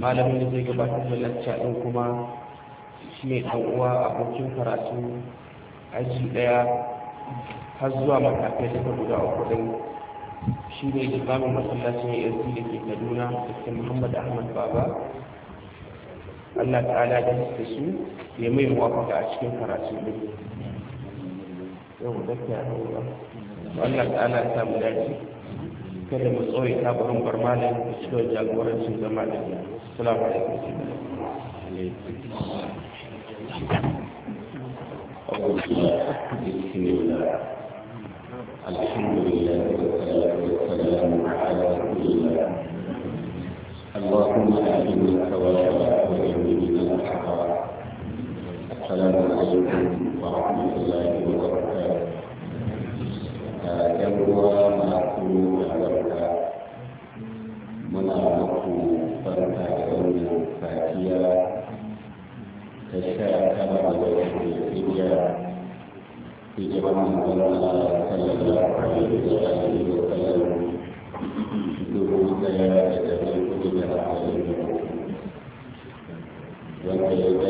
malamin da zai gabatar da lacca ɗin kuma shi ne uwa abokin karatu aji ɗaya har zuwa matakai ta guda uku ɗin shi ne imamin masallacin yanzu da ke kaduna da ke muhammad ahmad baba allah ta ala da su ya mai muwafaka a cikin karatu ɗin yau da ke haura allah ala ya samu dace kada mu tsoye tabarin barmalin da cikin jagorancin zama da السلام عليكم الحمد لله والصلاة والسلام على رسول الله اللهم آتنا الثواب وجنبنا بالله السلام hijiran Allah dubu daya da dari hudu da da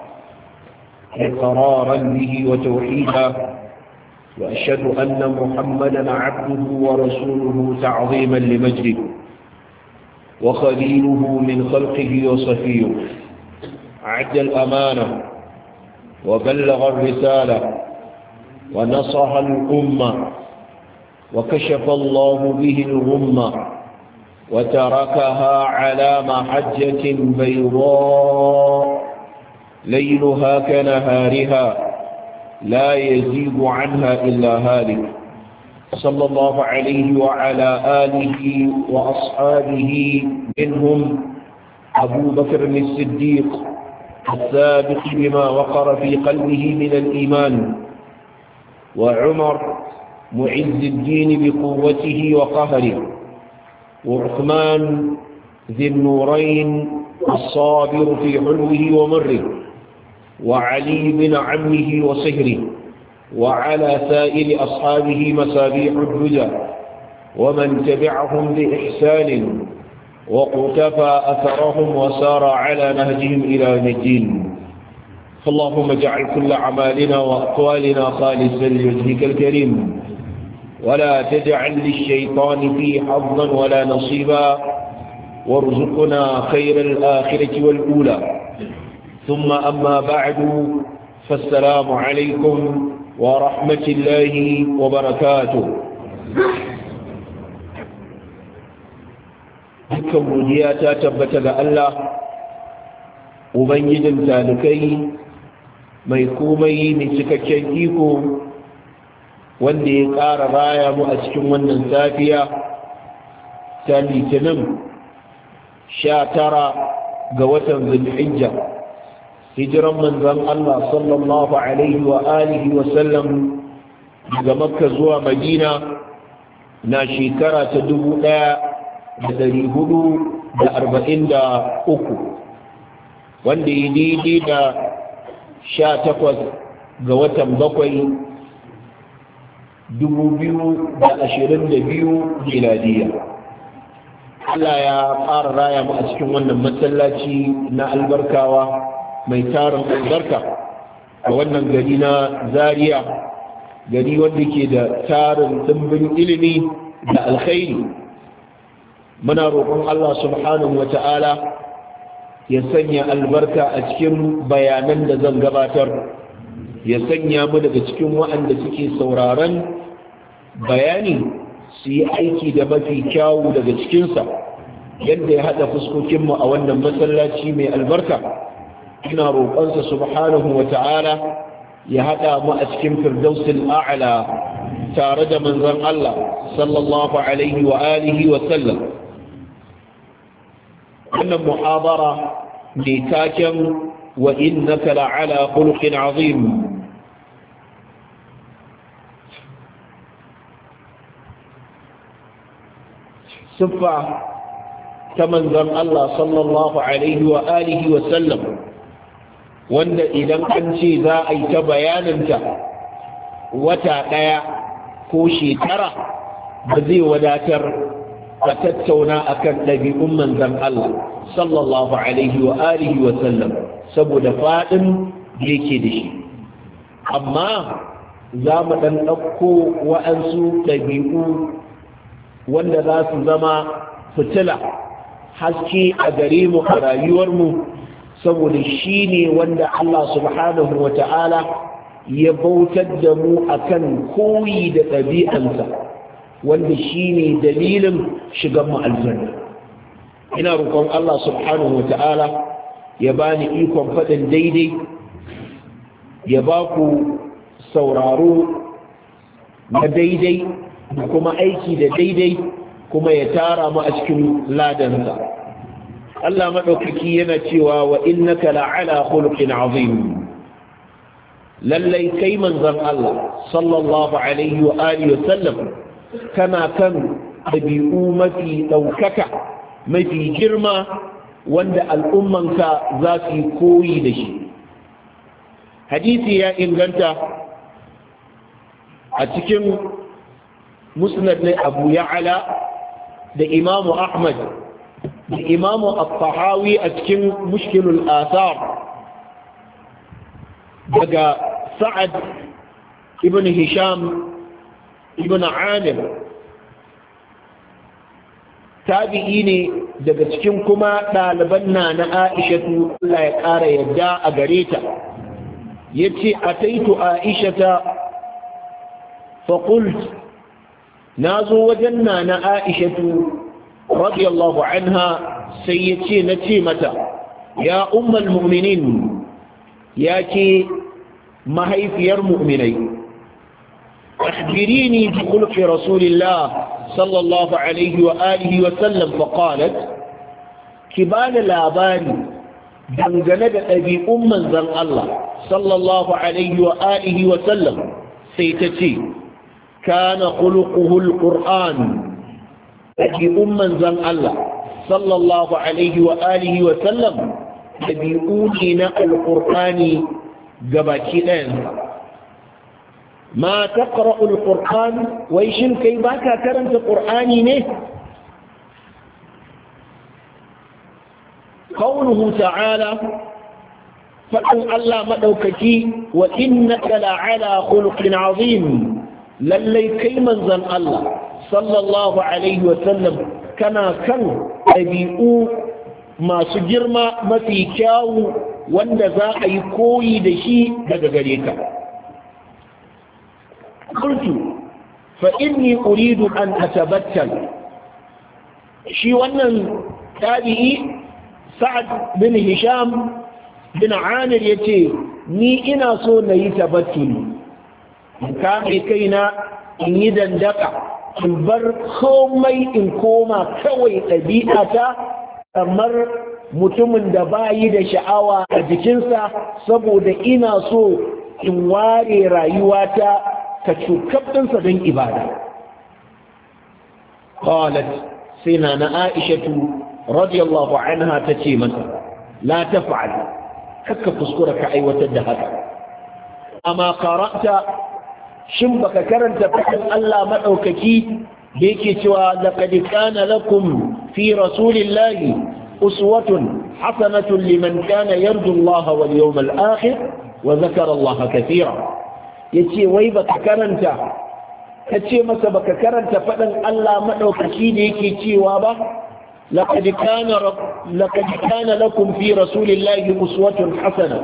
اقرارا به وتوحيدا وأشهد أن محمدا عبده ورسوله تعظيما لمجده وخليله من خلقه وصفيه عد الأمانة وبلغ الرسالة ونصح الأمة وكشف الله به الغمة وتركها على محجة بيضاء ليلها كنهارها لا يزيد عنها إلا هالك صلى الله عليه وعلى آله وأصحابه منهم أبو بكر الصديق السابق بما وقر في قلبه من الإيمان وعمر معز الدين بقوته وقهره وعثمان ذي النورين الصابر في حلوه ومره وعلي بن عمه وصهره وعلى سائر أصحابه مسابيح الهدى ومن تبعهم بإحسان وقتفى أثرهم وسار على نهجهم إلى الدين فاللهم اجعل كل عمالنا وأقوالنا خالصا لجهك الكريم ولا تجعل للشيطان فيه حظا ولا نصيبا وارزقنا خير الآخرة والأولى ثم أما بعد فالسلام عليكم ورحمة الله وبركاته dukkan godiya ta tabbata ga Allah ubangijin talikai mai komai mai cikakken iko wanda ya ƙara raya mu a cikin wannan safiya ta litinin sha tara ga watan zulhijja hijiran manzon Allah sallallahu alaihi wa alihi wa sallam daga makka zuwa madina na shekara ta dubu ɗaya da dari hudu da arba'in da uku wanda ya daidai da sha takwas ga watan bakwai dubu biyu da ashirin da biyu miladiya Allah ya fara raya mu a cikin wannan masallaci na albarkawa mai tarin albarka a wannan gari na zaria gari wanda ke da tarin dimbin ilimi da alkhairi muna roƙon Allah subhanahu wa ta'ala ya sanya albarka a cikin bayanan da zan gabatar ya sanya mu daga cikin waɗanda suke sauraron bayani su yi aiki da mafi kyawu daga cikinsa yadda ya haɗa fuskokinmu a wannan masallaci mai albarka ina roƙonsa subhanahu wa ta'ala ya haɗa mu a cikin firdausil a'la tare da manzon Allah sallallahu alaihi wa alihi wa sallam wannan muhabara ne taken wa innaka la'ala khuluqin azim siffa ta manzon Allah sallallahu alaihi wa alihi wa sallam wanda idan an ce za a yi ta bayaninta wata ɗaya ko shekara ba zai wadatar a tattauna akan ɗabi'un manzan Allah sallallahu alaihi wa alihi wa sallam saboda faɗin da yake da shi amma za mu ɗan ɗauko wa'ansu ɗabi'u wanda za su zama fitila haske a gare mu a rayuwarmu saboda shi ne wanda Allah subhanahu wa ta'ala ya bautar da mu akan koyi da ɗabi'ansa wanda shi ne dalilin shigan mu ina rukon Allah subhanahu wa ta'ala ya ba ni ikon faɗin daidai ya ba ku sauraro na daidai da kuma aiki da daidai kuma ya tara mu a cikin ladansa. Allah maɗaukaki yana cewa wa innaka la'ala khuluqin azim lallai kai manzon Allah sallallahu alaihi wa alihi wa sallam kana kan dabi'u mafi daukaka mafi girma wanda al'ummanka za su yi koyi da shi hadisi ya inganta a cikin musnad na abu ya'ala da imamu ahmad da imamu al-tahawi a cikin mushkilul asar daga sa'ad ibn hisham ibn amir tabi'i ne daga cikin kuma ɗaliban na na aishatu Allah ya ƙara yadda a gare ta ya ce a taitu aishata faƙult na zo wajen na na aishatu radiyallahu anha sai ya ce na ce mata ya ummal mu'minin ya ce mahaifiyar mu'minai أخبريني بخلق رسول الله صلى الله عليه وآله وسلم فقالت كبال الآباني dangane da ɗabi'u manzan Allah sallallahu alaihi wa alihi wa sallam sai ta ce kana khuluquhul qur'an ɗabi'un manzon Allah sallallahu alaihi wa alihi wa sallam ɗabi'u ne na alƙur'ani gabaki ɗayansa ma taqra'u alquran wai shin kai baka karanta ƙur'ani ne qawluhu ta'ala fadin Allah madaukaki wa innaka la'ala khuluqin azim lallai kai manzon Allah sallallahu alaihi wasallam kana kan ɗabi'u masu girma mafi kyawu wanda za a yi koyi da shi daga gare ka kultu fa inni uridu an atabattal shi wannan tabi'i sa'ad bin hisham bin amir yace ni ina so na yi tabattuli in kame kaina in yi dandaka in bar komai in koma kawai ɗabi'ata kamar mutumin da bayi da sha'awa a jikinsa saboda ina so in ware rayuwata ka cukabdinsa don ibada. Qalat sai na na Aishatu radiyallahu anha ta ce masa, la taf'al kakka kuskura ka aiwatar da haka. Amma karanta shin baka karanta fadin Allah maɗaukaki? da yake cewa laqad kana lakum fi rasulillahi uswatun hasanatun liman kana yarju Allah wal yawmal akhir wa zakara Allah katira yace wai baka karanta kace masa baka karanta fadin Allah madaukaki da yake cewa ba لقد كان لقد كان لكم في رسول الله أسوة حسنة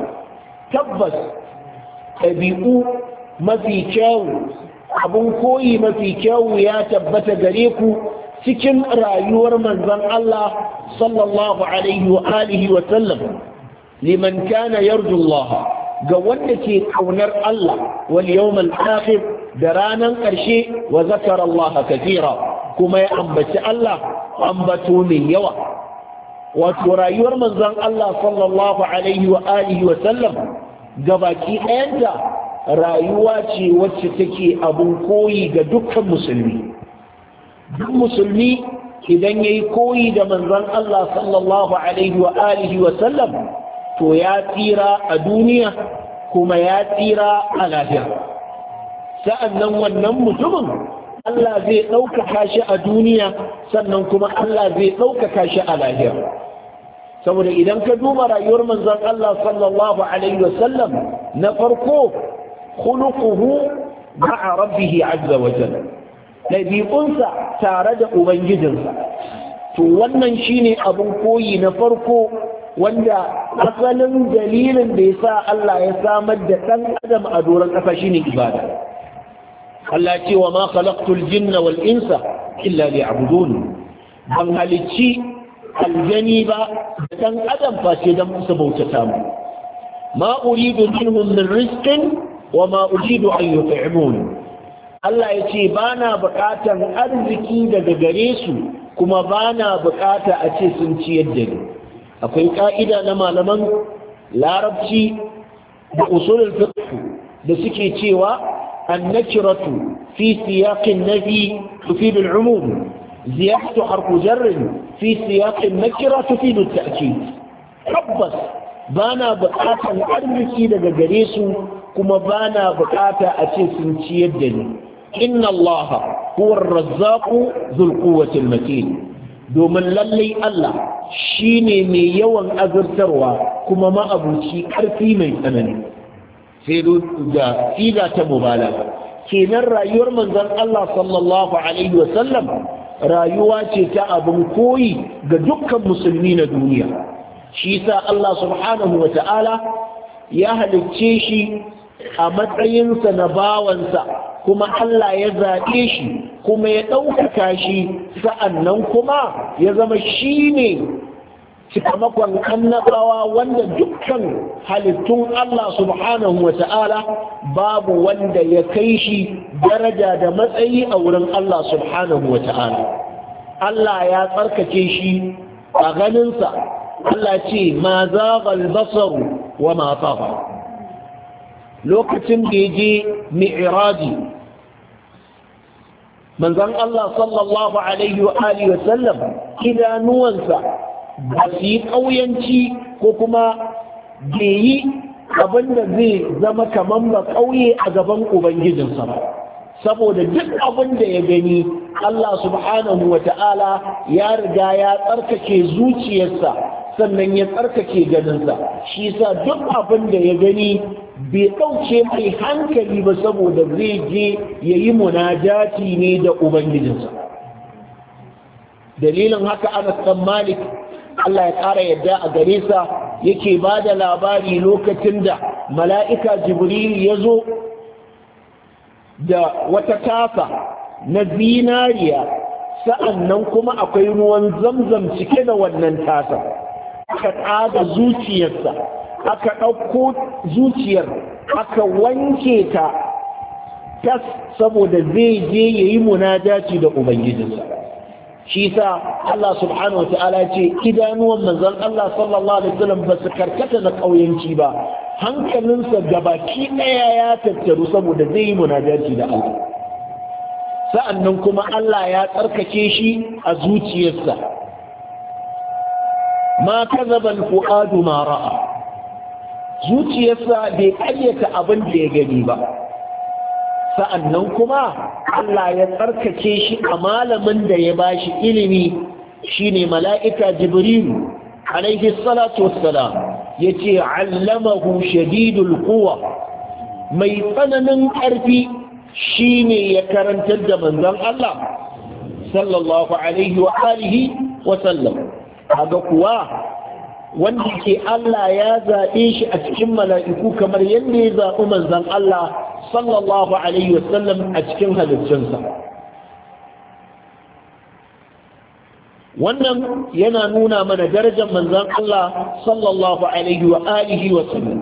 تبس mafi kyau abin koyi mafi kyau ya tabbata gare ku cikin rayuwar manzon Allah sallallahu alaihi wa alihi wa sallam liman kana yarju Allah ga wanda ke kaunar Allah wal yawmal akhir da ranan karshe wa zakara Allah kathira kuma ya ambaci Allah ambato mai yawa wato rayuwar manzon Allah sallallahu alaihi wa alihi wa sallam gabaki ɗayanta rayuwa ce wacce take abin koyi ga dukkan musulmi duk musulmi idan ya yi koyi da manzon Allah sallallahu alaihi wa alihi wa sallam to ya tsira a duniya kuma ya tsira a lafiya sa'annan wannan mutumin Allah zai ɗaukaka shi a duniya sannan kuma Allah zai ɗaukaka shi a lafiya. saboda idan ka duba rayuwar manzon Allah sallallahu alaihi na farko khuluquhu ma'a rabbih azza wa jalla dabi'unsa tare da ubangijinsa to wannan shine abin koyi na farko wanda asalin dalilin da sa Allah ya samar da ɗan adam a doron shi ne ibada Allah cewa ma khalaqtul jinna wal insa illa abudun ban halicci aljani ba da ɗan adam face dan musu bautata mu ma uridu minhum min rizqin wa ma ujidu an yut'imun Allah ya ce ba na buƙatar arziki daga gare su kuma ba na buƙata a ce sun ciyar da ni akwai ƙa'ida na malaman larabci da usulul fiqh da suke cewa annakiratu fi siyaqin nafi tufidu al-umum ziyadatu harfu jar fi siyaqin nakira tufidu at-ta'kid tabbas bana buƙatar arziki daga gare su kuma ba na bukata a ce sun ciyar da ni inna allaha huwa razzaqu dhul quwwati matin domin lallai Allah shine mai yawan azurtarwa kuma ma'abuci karfi mai tsanani sai da ida ta mubala kenan rayuwar manzon Allah sallallahu alaihi sallam, rayuwa ce ta abin koyi ga dukkan musulmi na duniya shi sa Allah subhanahu wa ta'ala ya halicce shi a matsayinsa na bawansa kuma Allah ya zaɓe shi kuma ya ɗaukaka shi sa'annan kuma ya zama shi ne cikamakon annabawa wanda dukkan halittun Allah subhanahu wa ta'ala babu wanda ya kai shi daraja da matsayi a wurin Allah subhanahu wa ta'ala Allah ya tsarkake shi a ganinsa Allah ce ma zaɓar basaru wa ma lokacin da ya je mi'iraji Allah sallallahu alaihi wa alihi wa idanuwansa ba su yi ƙauyanci ko kuma bai yi abin da zai zama kamar ba ƙauye a gaban ubangijinsa ba saboda duk abin da ya gani Allah subhanahu wa ta'ala ya riga ya tsarkake zuciyarsa sannan ya tsarkake ganinsa shi sa duk abin da ya gani bai ɗauke mai hankali ba saboda zai je ya yi munajati ne da ubangijinsa dalilin haka ana ɗan malik allah ya ƙara yadda a gare sa yake ba da labari lokacin da mala'ika jibril ya zo da wata tafa na zinariya sa'an nan kuma akwai ruwan zamzam cike da wannan tasa aka zuciyarsa aka ɗauko zuciyar aka wanke ta tas saboda zai je ya yi munadaci da ubangijinsa shi sa Allah subhanahu wata'ala ce idanuwan manzon Allah sallallahu alaihi wasallam ba su karkata na ƙauyanci ba hankalinsa gabaki ɗaya ya tattaru saboda zai yi munadaci da Allah sa'annan kuma Allah ya tsarkake shi a zuciyarsa ma kazaba al-fuadu ma ra'a zuciyarsa bai ƙaryata abin da ya gani ba sa'annan kuma Allah ya tsarkake shi a malamin da ya bashi ilimi shine mala'ika jibrilu alaihi salatu wassalam yace allamahu shadidul quwa mai tsananin ƙarfi shi ne ya karantar da manzon Allah sallallahu alaihi wa alihi wa sallam kaga kuwa wanda ke Allah ya zaɓe shi a cikin mala'iku kamar yadda ya zaɓi manzan Allah sallallahu alaihi wasallam a cikin halittunsa wannan yana nuna mana darajar manzan Allah sallallahu alaihi wa alihi wasallam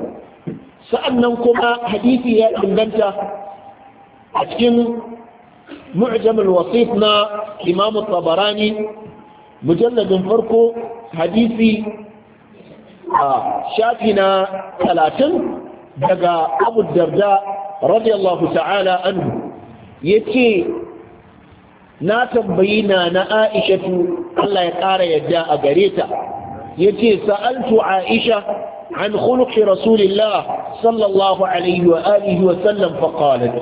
sa'annan kuma hadisi ya inganta a cikin mu'jamul wasif na Imam tabarani mujalladin farko hadisi a shafi na talatin daga abu darda radiyallahu ta'ala anhu ya ce na tambayi na na tu Allah ya ƙara yadda a gare ta ya ce sa'altu aisha an khuluqi rasulillah sallallahu alaihi wa alihi wa sallam faqalat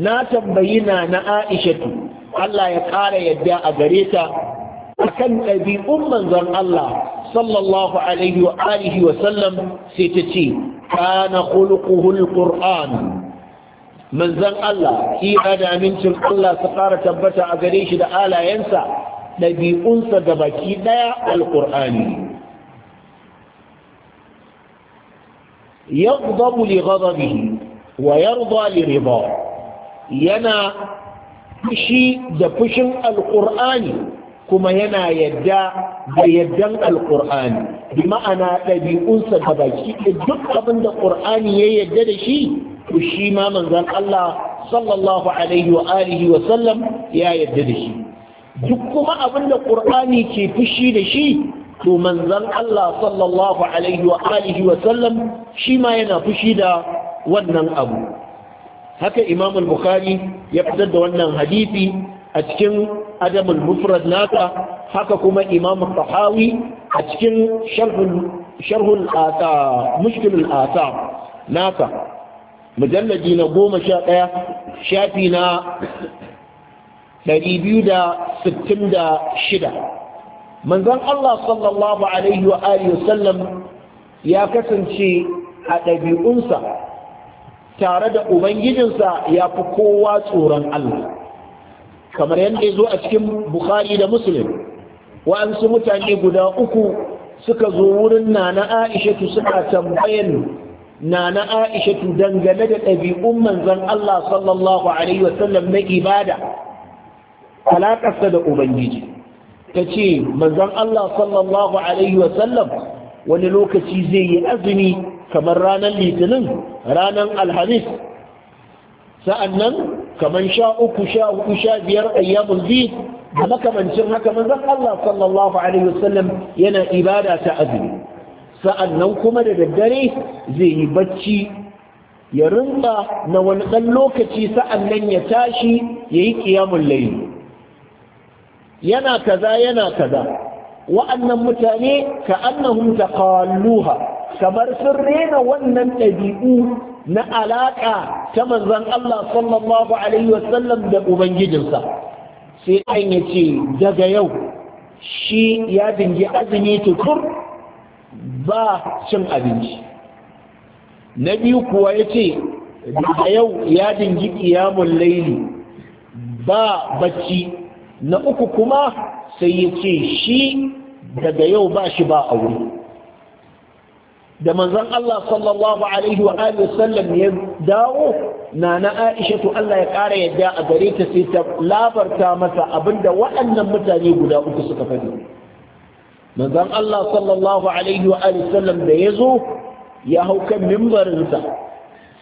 na tambayi na na tu Allah ya ƙara yadda a gare ta akan ɗabi'un manzon Allah sallallahu alaihi wa alihi wa sallam sai ta ce kana khuluquhul qur'an manzon Allah kira da amincin Allah su fara tabbata a gare shi da alayensa ɗabi'unsa da baki ɗaya alƙur'ani yaghdabu li ghadabihi wa yarda li rida yana fushi da fushin alƙur'ani kuma yana yadda da yaddan Alƙur'ani, bi ma'ana ɗabi'unsa da baki duk abin da ƙur'ani ya yadda da shi ku shi ma Allah sallallahu alaihi wa alihi wa sallam ya yadda da shi duk kuma abin da ƙur'ani ke fushi da shi to manzan Allah sallallahu alaihi wa alihi wa sallam shi ma yana fushi da wannan abu haka Imam al-Bukhari ya fitar da wannan hadisi a cikin adamul mufrad naka haka kuma imam tahawi a cikin sharhul ata mushkilul ata naka mujalladi na goma sha ɗaya shafi na ɗari biyu da sittin da shida manzon Allah sallallahu alaihi wa alihi ya kasance a ɗabi'unsa tare da ubangijinsa ya fi kowa tsoron Allah kamar yadda ya zo a cikin bukhari da muslim wa'ansu mutane guda uku suka zo wurin nana aishatu suna tambayan nana aishatu dangane da ɗabi'un manzan Allah sallallahu alaihi wasallam na ibada talakasta da ubangiji ta ce manzon Allah sallallahu alaihi wasallam wani lokaci zai yi azumi kamar ranar litinin ranar alhamis sa'annan kaman sha uku sha hudu sha biyar ayyamul bid da makamancin haka manzon Allah sallallahu alaihi wasallam yana ibada ta azumi sa'annan kuma da daddare zai yi bacci ya rinka na wani ɗan lokaci sa'annan ya tashi ya yi ƙiyamun layi. yana kaza yana kaza wa'annan mutane ka annahun taqalluha kamar sun rena wannan ɗabi'u na alaƙa ta manzon Allah sallallahu alaihi wasallam da ubangijinsa sai an ya ce daga yau shi ya dingi azumi tukur ba cin abinci na biyu kuwa yace ce daga yau ya dingi ƙiyamun laili ba bacci na uku kuma sai yace shi daga yau ba shi ba aure da manzon Allah sallallahu alaihi wa alihi sallam ya dawo na na Aisha to Allah ya ƙara yadda a gare ta sai ta labarta mata abinda waɗannan mutane guda uku suka faɗi manzon Allah sallallahu alaihi wa alihi sallam da ya ya hau kan mimbarinsa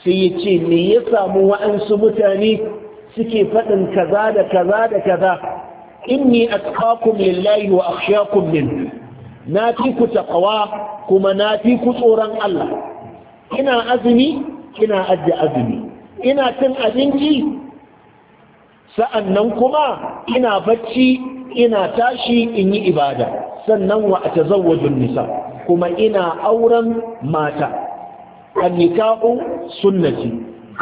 sai ya ce me ya samu wa'ansu mutane suke faɗin kaza da kaza da kaza inni atqakum lillahi wa akhshakum minhu na fi ku taqwa kuma na fi ku tsoron Allah ina azumi ina ajiye azumi ina cin abinci sa'annan kuma ina bacci ina tashi in yi ibada sannan wa wajen nisa kuma ina auren mata annikahu sunnati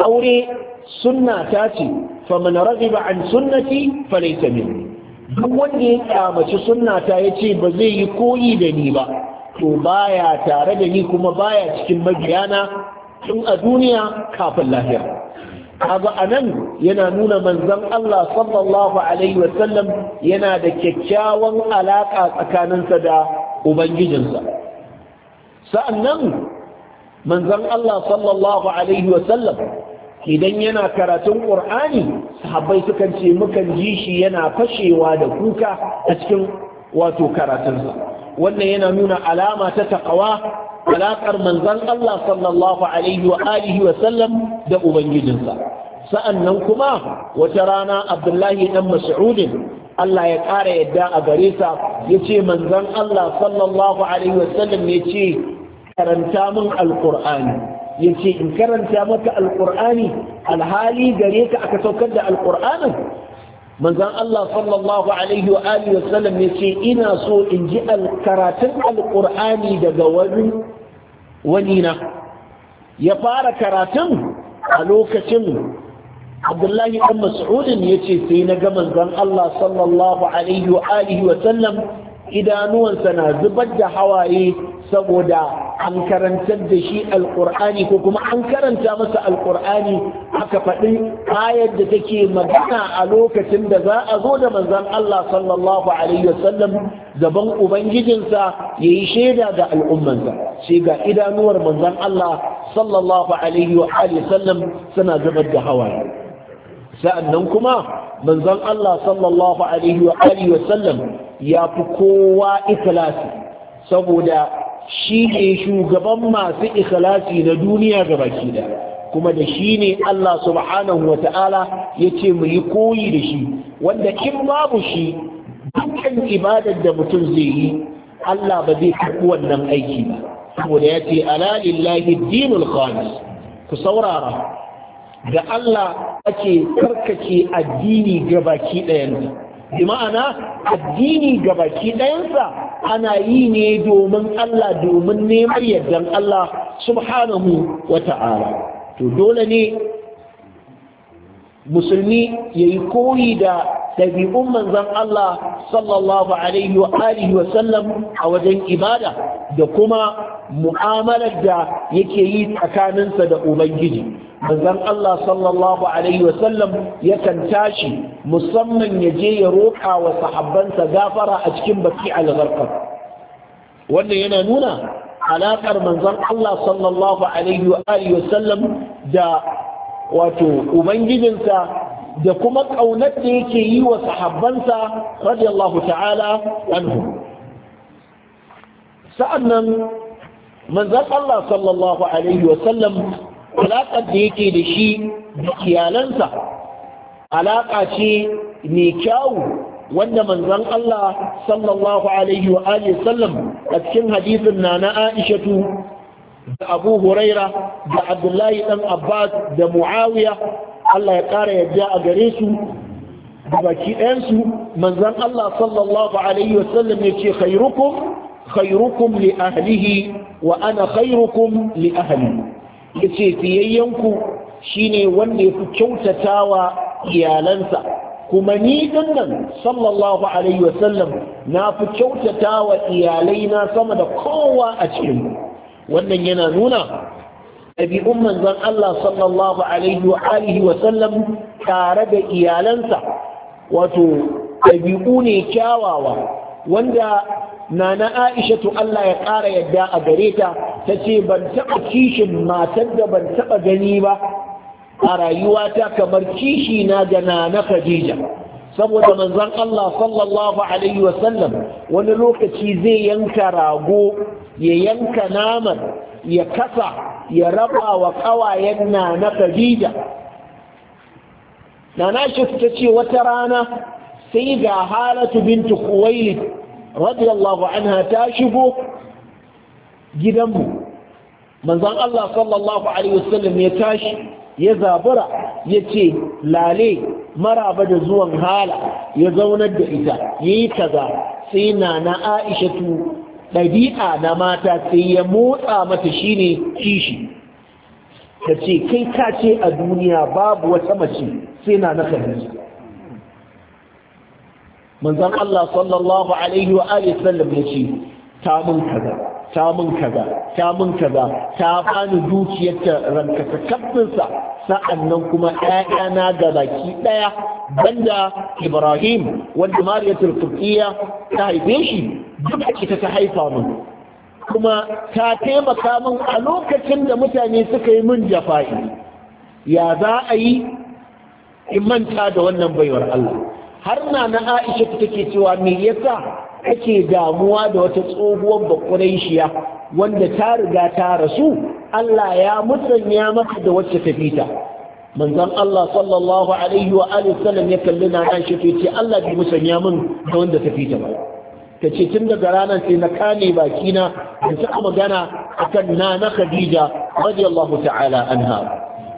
aure sunnata ce faman ba an sunnati falaysa minni duk wanda ya kyamaci sunnata ya ce ba zai yi koyi da ni ba to baya tare da ni kuma baya cikin mabiyana tun a duniya kafin lahiya. kaga anan yana nuna manzon Allah sallallahu alaihi yana da kyakkyawan alaka tsakaninsa da ubangijinsa sa'annan manzon Allah sallallahu alaihi idan yana karatun ƙur'ani sahabbai sukan ce mukan ji shi yana fashewa da kuka a cikin wato karatunsa wannan yana nuna alama ta taƙawa, alaƙar manzan Allah sallallahu alaihi wa alihi wa sallam da ubangijinsa sa'annan kuma wata rana Abdullahi dan Mas'udin Allah ya ƙara yadda a gare sa yace manzan Allah sallallahu alaihi wa sallam yace karanta min alqur'ani Yace in karanta maka alƙur'ani alhali gare ka aka saukar da alƙur'anin manzan Allah sallallahu alaihi wa alihi wa sallam yace ina so in ji karatun alƙur'ani daga wani wani na ya fara karatun a lokacin Abdullahi ɗan Mas'udin ya ce sai na ga manzan Allah sallallahu alaihi wa alihi wa sallam idanuwansa na zubar da hawaye saboda an karantar da shi alƙur'ani ko kuma an karanta masa alƙur'ani aka faɗi ayar da take magana a lokacin da za a zo da manzan Allah sallallahu alaihi wasallam gaban ubangijinsa ya yi shaida ga al'ummansa sai ga idanuwar manzan Allah sallallahu alaihi wa sallam suna zubar da hawaye nan kuma manzan Allah sallallahu alaihi wa sallam ya fi kowa ikhlasi saboda shi ne shugaban masu ikhlasi na duniya ga baki da kuma da shi ne Allah subhanahu wa ta'ala ya ce mu yi koyi da shi wanda in babu shi dukkan ibadar da mutum zai yi Allah ba zai karɓi wannan aiki ba saboda ya ce ala lillahi dinul khalis ku saurara da Allah ake karkace addini ga baki ɗayansa bi ma'ana addini ga baki ɗayansa ana yi ne domin Allah domin neman yardan Allah subhanahu wa ta'ala to dole ne musulmi ya yi koyi da ɗabi'un manzan Allah sallallahu alaihi wa wa sallam a wajen ibada da kuma mu'amalar da yake yi tsakaninsa da ubangiji manzon Allah sallallahu alaihi wasallam yakan tashi musamman ya je ya roƙa wa sahabbansa gafara a cikin baki al-gharqab wannan yana nuna alaƙar manzon Allah sallallahu alaihi wa alihi da wato ubangijinsa da kuma ƙaunar da yake yi wa sahabbansa radiyallahu ta'ala anhu sa'annan manzan Allah sallallahu alaihi wasallam alaƙar da yake da shi da iyalansa alaƙa ce mai kyawu wanda manzan Allah sallallahu alaihi wa a cikin hadisin na na Aishatu da Abu Huraira da Abdullahi dan Abbas da Muawiya Allah ya ƙara yadda a gare su da baki ɗayansu manzan Allah sallallahu alaihi wa ya ce khairukum khairukum li ahlihi wa ana khairukum li ahli yace fiyayyanku shine wanda yafi kyautatawa iyalansa kuma ni dinnan sallallahu alaihi wa sallam na fi kyautatawa iyalaina sama da kowa a cikin wannan yana nuna ɗabi'un manzon Allah sallallahu alaihi wa alihi wa sallam tare da iyalansa wato ɗabi'u ne kyawawa wanda nana aisha tu Allah ya ƙara yadda a gare ta ta ce ban taɓa kishin matar da ban taɓa gani ba a rayuwata kamar kishi na ga nana Khadija saboda manzon Allah sallallahu alaihi Sallam wani lokaci zai yanka rago ya yanka naman ya kasa ya raba wa ƙawayen nana Khadija nana shi ta ce wata rana sai ga halatu bintu Khuwailid radiyallahu anha ta shigo gidanmu manzon Allah sallallahu alaihi wasallam ya tashi ya zabura ya ce lale maraba da zuwan hala ya zaunar da ita ya yi kaza sai na na aishatu ɗabi'a na mata sai ya motsa mata shine kishi ta ce kai ka ce a duniya babu wata mace sai na na khadija manzon Allah sallallahu alaihi wa alihi sallam yace ta mun kaza ta mun kaza ta mun kaza ta bani dukiyar ta ranka ta kabbin sa'annan kuma ƴaƴana ga baki daya banda Ibrahim wanda Mariyatul Qibtiyya ta haife shi duk ita ta haifa mun kuma ta taimaka min a lokacin da mutane suka yi min jafa'i ya za a yi in manta da wannan baiwar Allah har na na aisha ta take cewa me yasa kake damuwa da wata tsohuwar bakuraishiya wanda ta riga ta rasu Allah ya musanya maka da wacce ta fita manzon Allah sallallahu alaihi wa alihi sallam ya kalli na nan ta ce Allah bai musanya min da wanda ta fita ba ta ce tun daga ranar sai na kame bakina da ta magana akan kan na Khadija radiyallahu ta'ala anha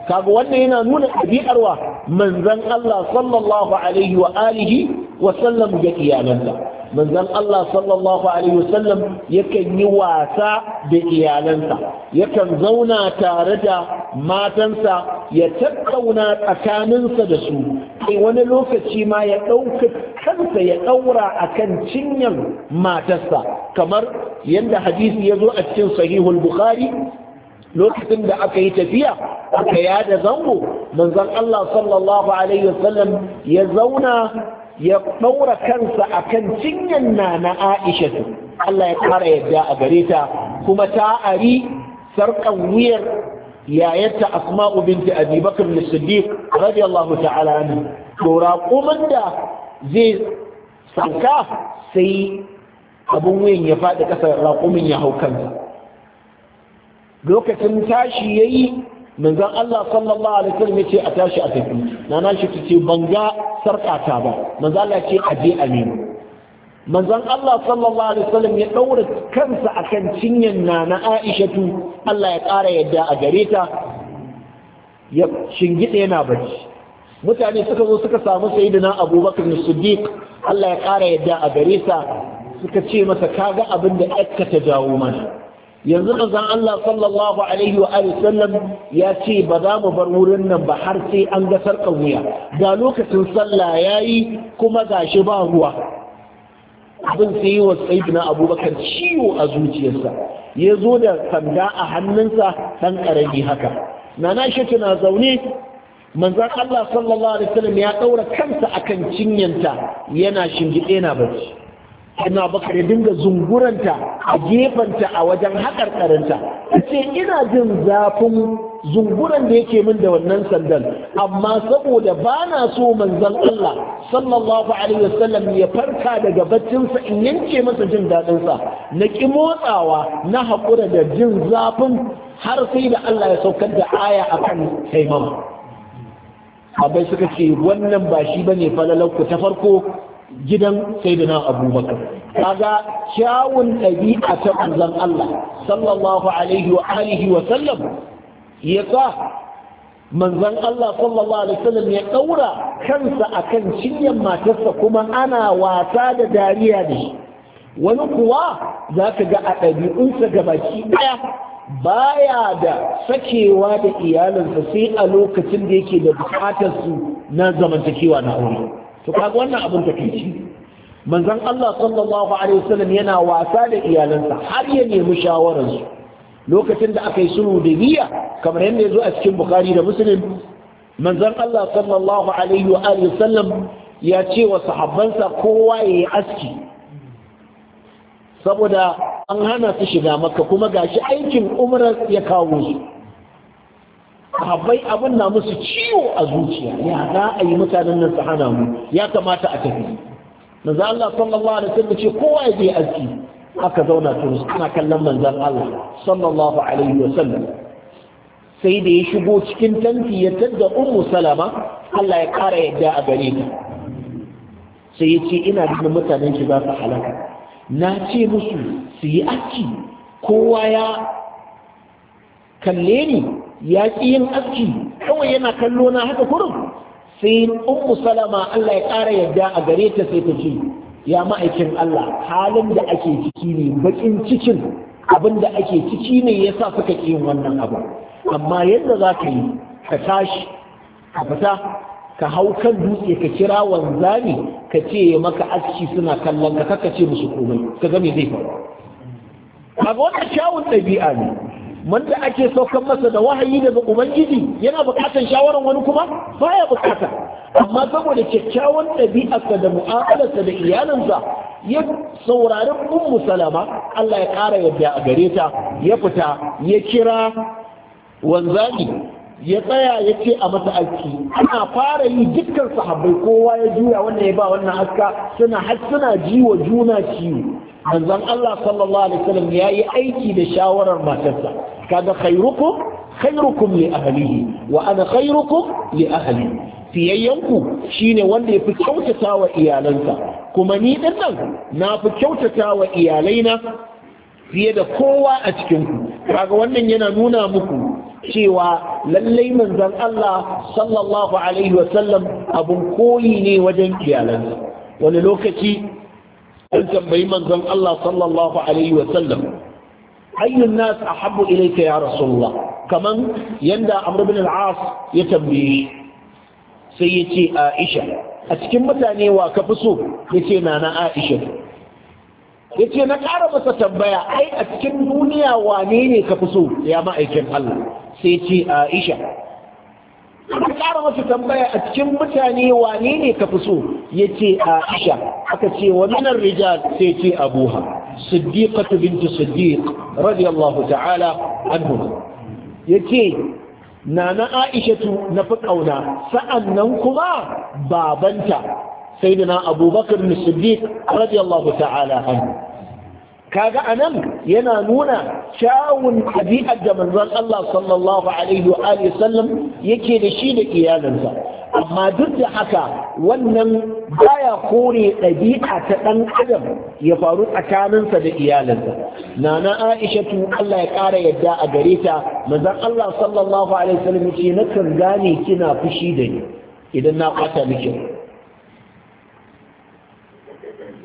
kaga wannan yana nuna ɗabi'arwa manzan Allah sallallahu alaihi wa alihi wa sallam ga iyalansa manzan Allah sallallahu alaihi wa sallam yakan yi wasa da iyalansa yakan zauna tare da matansa ya tattauna tsakaninsa da su kai wani lokaci ma ya ɗauka kansa ya ɗaura a kan cinyar matarsa kamar yadda hadisi ya zo a cikin sahihul bukhari lokacin da aka yi tafiya aka yada zango manzon Allah sallallahu alaihi wasallam ya zauna ya ɗaura kansa akan cinyan na na Aisha Allah ya ƙara yadda a gare ta kuma ta ari sarƙan wuyar yayarta Asma'u binti Abi Bakr as-Siddiq radiyallahu ta'ala anhu to raqumin da zai sanka sai abun wuyan ya faɗi ƙasa raƙumin ya hau kansa lokacin tashi ya yi, manzan Allah sallallahu alaihi wasallam ce a tashi a tafi na shi tace ban ga sarƙata ba manzon Allah ce a je aminu Manzan Allah sallallahu alaihi wasallam ya daura kansa akan na Aisha Aishatu Allah ya ƙara yadda a gare ta ya shingide yana bacci mutane suka zo suka samu sayyidina Abubakar Siddiq Allah ya ƙara yadda a gare sa suka ce masa kaga abin da aka ta jawo mana yanzu manzon Allah sallallahu alaihi wa sallam ya ce ba za mu bar wurin nan ba har sai an ga sarkan wuya ga lokacin sallah yayi kuma gashi ba ruwa abin sai yi wa sayyidina abubakar ciwo a zuciyarsa ya zo da sanda a hannunsa ɗan ƙarami haka nana shi na zaune manzon Allah sallallahu alaihi wa sallam ya ɗaura kansa akan cinyanta yana shingide na bacci ina bakar ya dinga zunguranta a gefanta a wajen haƙar ƙaranta. ce ina jin zafin zunguran da yake min da wannan sandan amma saboda ba na so manzon Allah sallallahu alaihi wasallam ya farka daga baccinsa in yanke masa jin daɗinsa na ƙi motsawa na haƙura da jin zafin har sai da Allah ya saukar da aya a kan taimama abai suka ce wannan ba shi bane falalanku ta farko gidan sayyidina abubakar kaga kyawun ɗabi'a ta manzon Allah sallallahu alaihi wa alihi wa sallam ya sa manzon Allah sallallahu alaihi wa sallam ya daura kansa akan cinyar matarsa kuma ana wasa da dariya ne wani kuwa za ka ga a ɗabi'unsa baki ɗaya baya da sakewa da iyalinsa sai a lokacin da yake da bukatarsu na zamantakewa na aure to kaga wannan abin takeici manzon Allah sallallahu alaihi wasallam yana wasa da iyalansa har ya nemi shawararsu lokacin da aka yi sulhu da biya, kamar yadda ya zo a cikin bukhari da muslim manzon Allah sallallahu alaihi wa alihi wasallam ya ce wa sahabbansa kowa ya yi aski saboda an hana su shiga maka kuma gashi aikin umrar ya kawo su bai abin na musu ciwo a zuciya ya za a yi mutanen nan su hana mu ya kamata a tafi manzo Allah sallallahu alaihi wasallam ce kowa ya je aski aka zauna turus ana kallon manzon Allah sallallahu alaihi wasallam sai da ya shigo cikin tanti ya tadda ummu salama Allah ya kara yadda a gare ta sai ya ce ina ganin mutanen ki za su halaka na ce musu su yi aski kowa ya kalle ni ya ƙi yin aski kawai yana kallo na haka kurum sai ummu salama Allah ya ƙara yadda a gare ta sai ta ce ya ma'aikin Allah halin da ake ciki ne bakin cikin abin da ake ciki ne ya sa suka ƙi yin wannan abu amma yadda za ka yi ka tashi ka fita ka hau kan dutse ka kira wanzami ka ce maka aski suna kallon ka kaka ce musu komai ka ga zai faru kaga wannan kyawun ɗabi'a ne wanda ake saukan masa da wahayi daga ubangiji yana bukatar shawarar wani kuma baya bukata amma saboda kyakkyawan ɗabi'arsa da mu'amalarsa da iyalinsa ya saurari ummu salama Allah ya ƙara yadda a gare ta ya fita ya kira wanzani ya tsaya ya ce a mata aski ana fara yi dukkan sahabbai kowa ya juya wannan ya ba wannan aska suna har suna ji wa juna ciwo manzon Allah sallallahu alaihi wasallam yayi aiki da shawarar matarsa kaga khairukum khairukum li ahlihi wa ana khairukum li ahli fiyayyanku shine wanda yafi kyautata wa iyalansa kuma ni din nan na fi kyautata wa iyalaina fiye da kowa a cikinku kaga wannan yana nuna muku cewa lallai manzon Allah sallallahu alaihi wasallam abun koyi ne wajen iyalansa wani lokaci an tambayi manzon Allah sallallahu alaihi wa sallam ayyun nas ahabbu ilayka ya rasulullah kaman yanda amr ibn al-as ya tambayi. sai yace aisha a cikin mutane wa ka fi so yace nana aisha yace na ƙara masa tambaya ai a cikin duniya wane ne ka fi so ya ma'aikin Allah sai yace aisha aka ƙara masa tambaya a cikin mutane wane ne ka fi so ya ce a aisha aka ce wa minar rijal sai ce abuha siddiqatu bintu siddiq radiyallahu ta'ala anhu ya ce nana aishatu na fi ƙauna sa'annan kuma babanta na abubakar siddiq radiyallahu ta'ala anhu kaga anan yana nuna kyawun ɗabi'ar da manzon Allah sallallahu alaihi wa alihi sallam yake da shi da iyalansa amma duk da haka wannan baya kore ɗabi'a ta ɗan adam ya faru tsakaninsa da iyalansa nana Aisha tun Allah ya ƙara yadda a gare ta manzon Allah sallallahu alaihi wa sallam yace na kan gane kina fushi da ni idan na kwata miki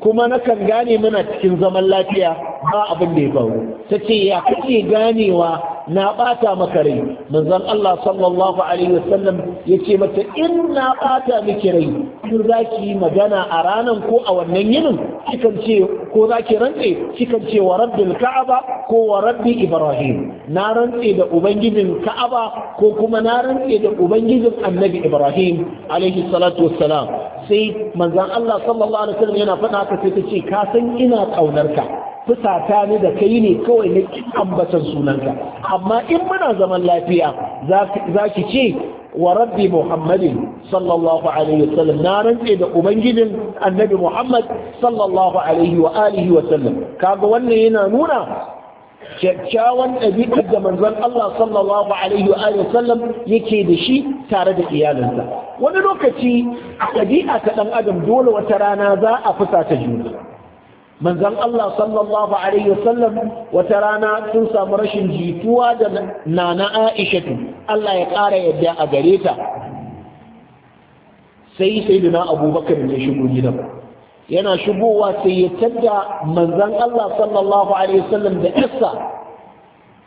kuma nakan gane muna cikin zaman lafiya ba abin da ya faru ta ce ya kake ganewa na bata maka rai manzon Allah sallallahu alaihi wasallam ya ce mata in na bata miki rai in za ki yi magana a ranan ko a wannan yinin kikan ce ko za ki rantse kikan ce wa rabbil ka'aba ko wa rabbi ibrahim na rantse da ubangijin ka'aba ko kuma na rantse da ubangijin annabi ibrahim alaihi salatu wassalam sai manzon Allah sallallahu alaihi wasallam yana faɗa haka sai ta ce ka san ina ƙaunarka fusata ni da kai ne kawai na ambatan sunanka amma in muna zaman lafiya za ki ce wa rabbi muhammadin sallallahu alaihi sallam. na rantse da ubangijin annabi muhammad sallallahu alaihi wa alihi wasallam kaga wannan yana nuna kyakkyawan ɗabi'ar da manzon Allah sallallahu alaihi wa alihi wasallam yake da shi tare da iyalinsa wani lokaci a ɗabi'a ta ɗan adam dole wata rana za a fusata juna Manzan Allah sallallahu alaihi wasallam wata rana sun samu rashin jituwa da nana Aisha Allah ya ƙara yadda a gare ta sai sayyidina Abubakar ya shigo gidan yana shigowa sai ya tadda manzan Allah sallallahu alaihi wasallam da Isa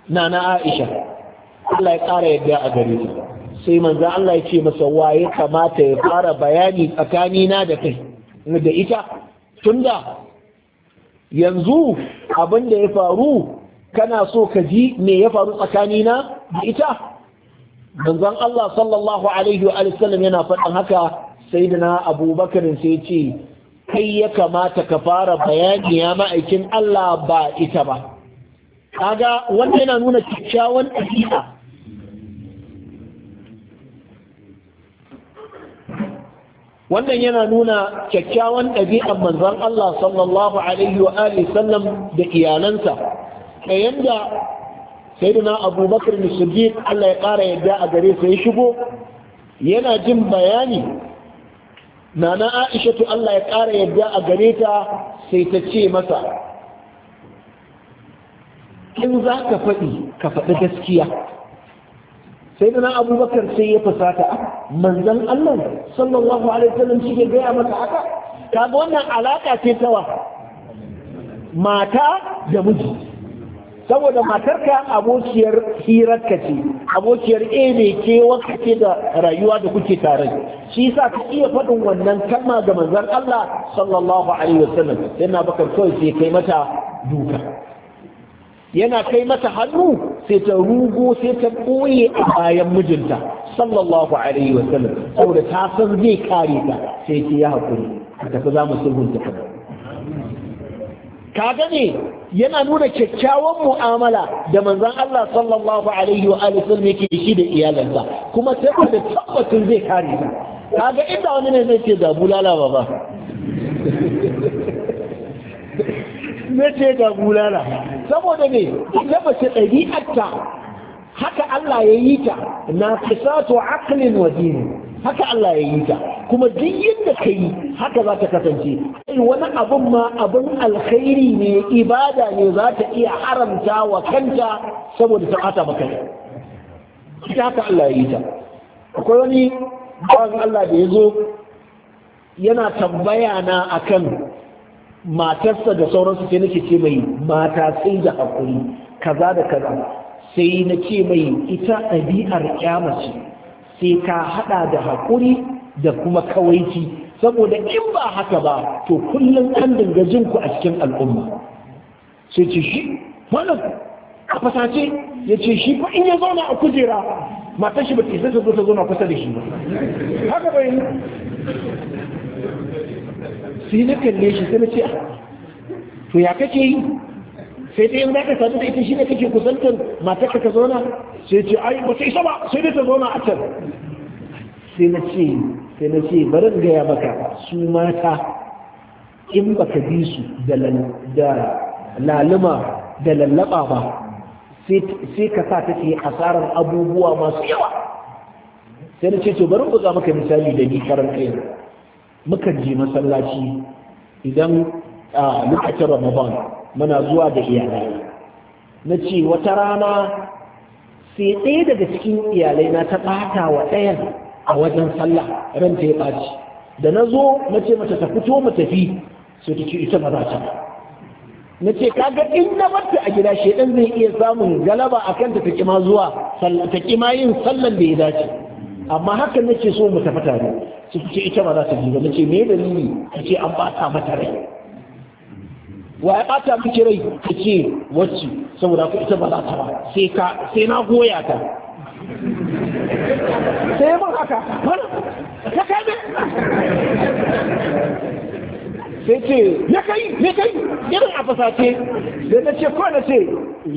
nana Aisha Allah ya ƙara yadda a gare ta sai manzan Allah ya ce masa waye kamata ya fara bayani tsakanina da kai da ita tunda yanzu abin da ya faru kana so ka ji me ya faru tsakanina da ita manzon Allah sallallahu alaihi wa sallam yana faɗin haka sayyidina abubakar sai ce kai ya kamata ka fara bayani ya ma'aikin Allah ba ita ba kaga wanda yana nuna kyakkyawan ɗabi'a wannan yana nuna kyakkyawan ɗabi'ar manzon Allah sallallahu alaihi wa alihi sallam da iyalansa da yanda sayyidina Abu Bakr as-Siddiq Allah ya ƙara yadda a gare sa ya shigo yana jin bayani nana Aisha Allah ya ƙara yadda a gare ta sai ta ce masa in za ka faɗi ka faɗi gaskiya sai da abubakar sai ya fusata manzan allah sallallahu alaihi wasallam shi ke gaya masa haka kaga wannan alaka ce tawa mata da miji saboda matarka abokiyar hirarka ce abokiyar ebe ce wanka ce da rayuwa da kuke tare shi sa ka iya faɗin wannan kalma ga manzan Allah sallallahu alaihi wasallam yana bakar kawai sai kai mata duka yana kai mata hannu sai ta rugo sai ta koye a bayan mijinta sallallahu alaihi wa sallam saboda ta san zai kare ta sai ki ya hakuri ka tafi za mu sulhunta ka kaga ne yana nuna kyakkyawan mu'amala da manzon Allah sallallahu alaihi wa sallam yake shi da iyalansa kuma sai da tabbatin zai kare ta kaga inda wani ne zai ce da bulala ba zai ce ga bulala saboda ne ita mace ɗabi'arta haka Allah ya yi ta na kisatu to wa dini haka Allah ya yi ta kuma duk yadda ka yi haka za ta kasance kai wani abun ma abun alkhairi ne ibada ne za ta iya haramta wa kanta saboda ta ata maka ita haka Allah ya yi ta akwai wani bawan Allah da ya zo yana tambaya na akan matarsa da sauransu sai nake ce mai mata sai da hakuri kaza da kaza sai na ce mai ita ɗabi'ar mace, sai ka haɗa da hakuri da kuma kawaici saboda in ba haka ba to kullum an dinga ku a cikin al'umma sai ce shi wannan a fasace ya ce shi fa in ya zauna a kujera matar shi ba ta isa ta zo ta zauna kusa da shi ba haka bai sai na kalle shi sai na ce ah, to ya kake yi sai dai za ka sadu da ita shi ne kake kusantar matar ka zauna sai ce ai ba sai saba sai dai ta zauna a can sai na ce sai na ce bari gaya maka su mata in baka bi su da laluma da lallaba ba sai ka sa ta ce asarar abubuwa masu yawa sai na ce to bari buga maka misali da ni karan kai muka je masallaci idan a lokacin ramadan muna zuwa da iyalai na ce wata rana sai ɗaya daga cikin iyalai na ta ɓata wa ɗayan a wajen sallah ran ta ya ɓaci da na zo na ce mata ta fito mu tafi sai ta ce ita ba za ta na ce kaga in na barta a gida shedan zai iya samun galaba a kanta ta kima zuwa ta kima yin sallan da ya dace amma hakan nake so mu tafi tare su ce ita ba za ta ji ba na ce me dalili ta ce an bata mata rai wa ya bata miki rai ta ce wacce saboda ku ita ba za ta ba sai ka sai na goya ta sai mun haka ya kai ne sai ce ya kai ya kai irin a fasace da ta ce kawai na ce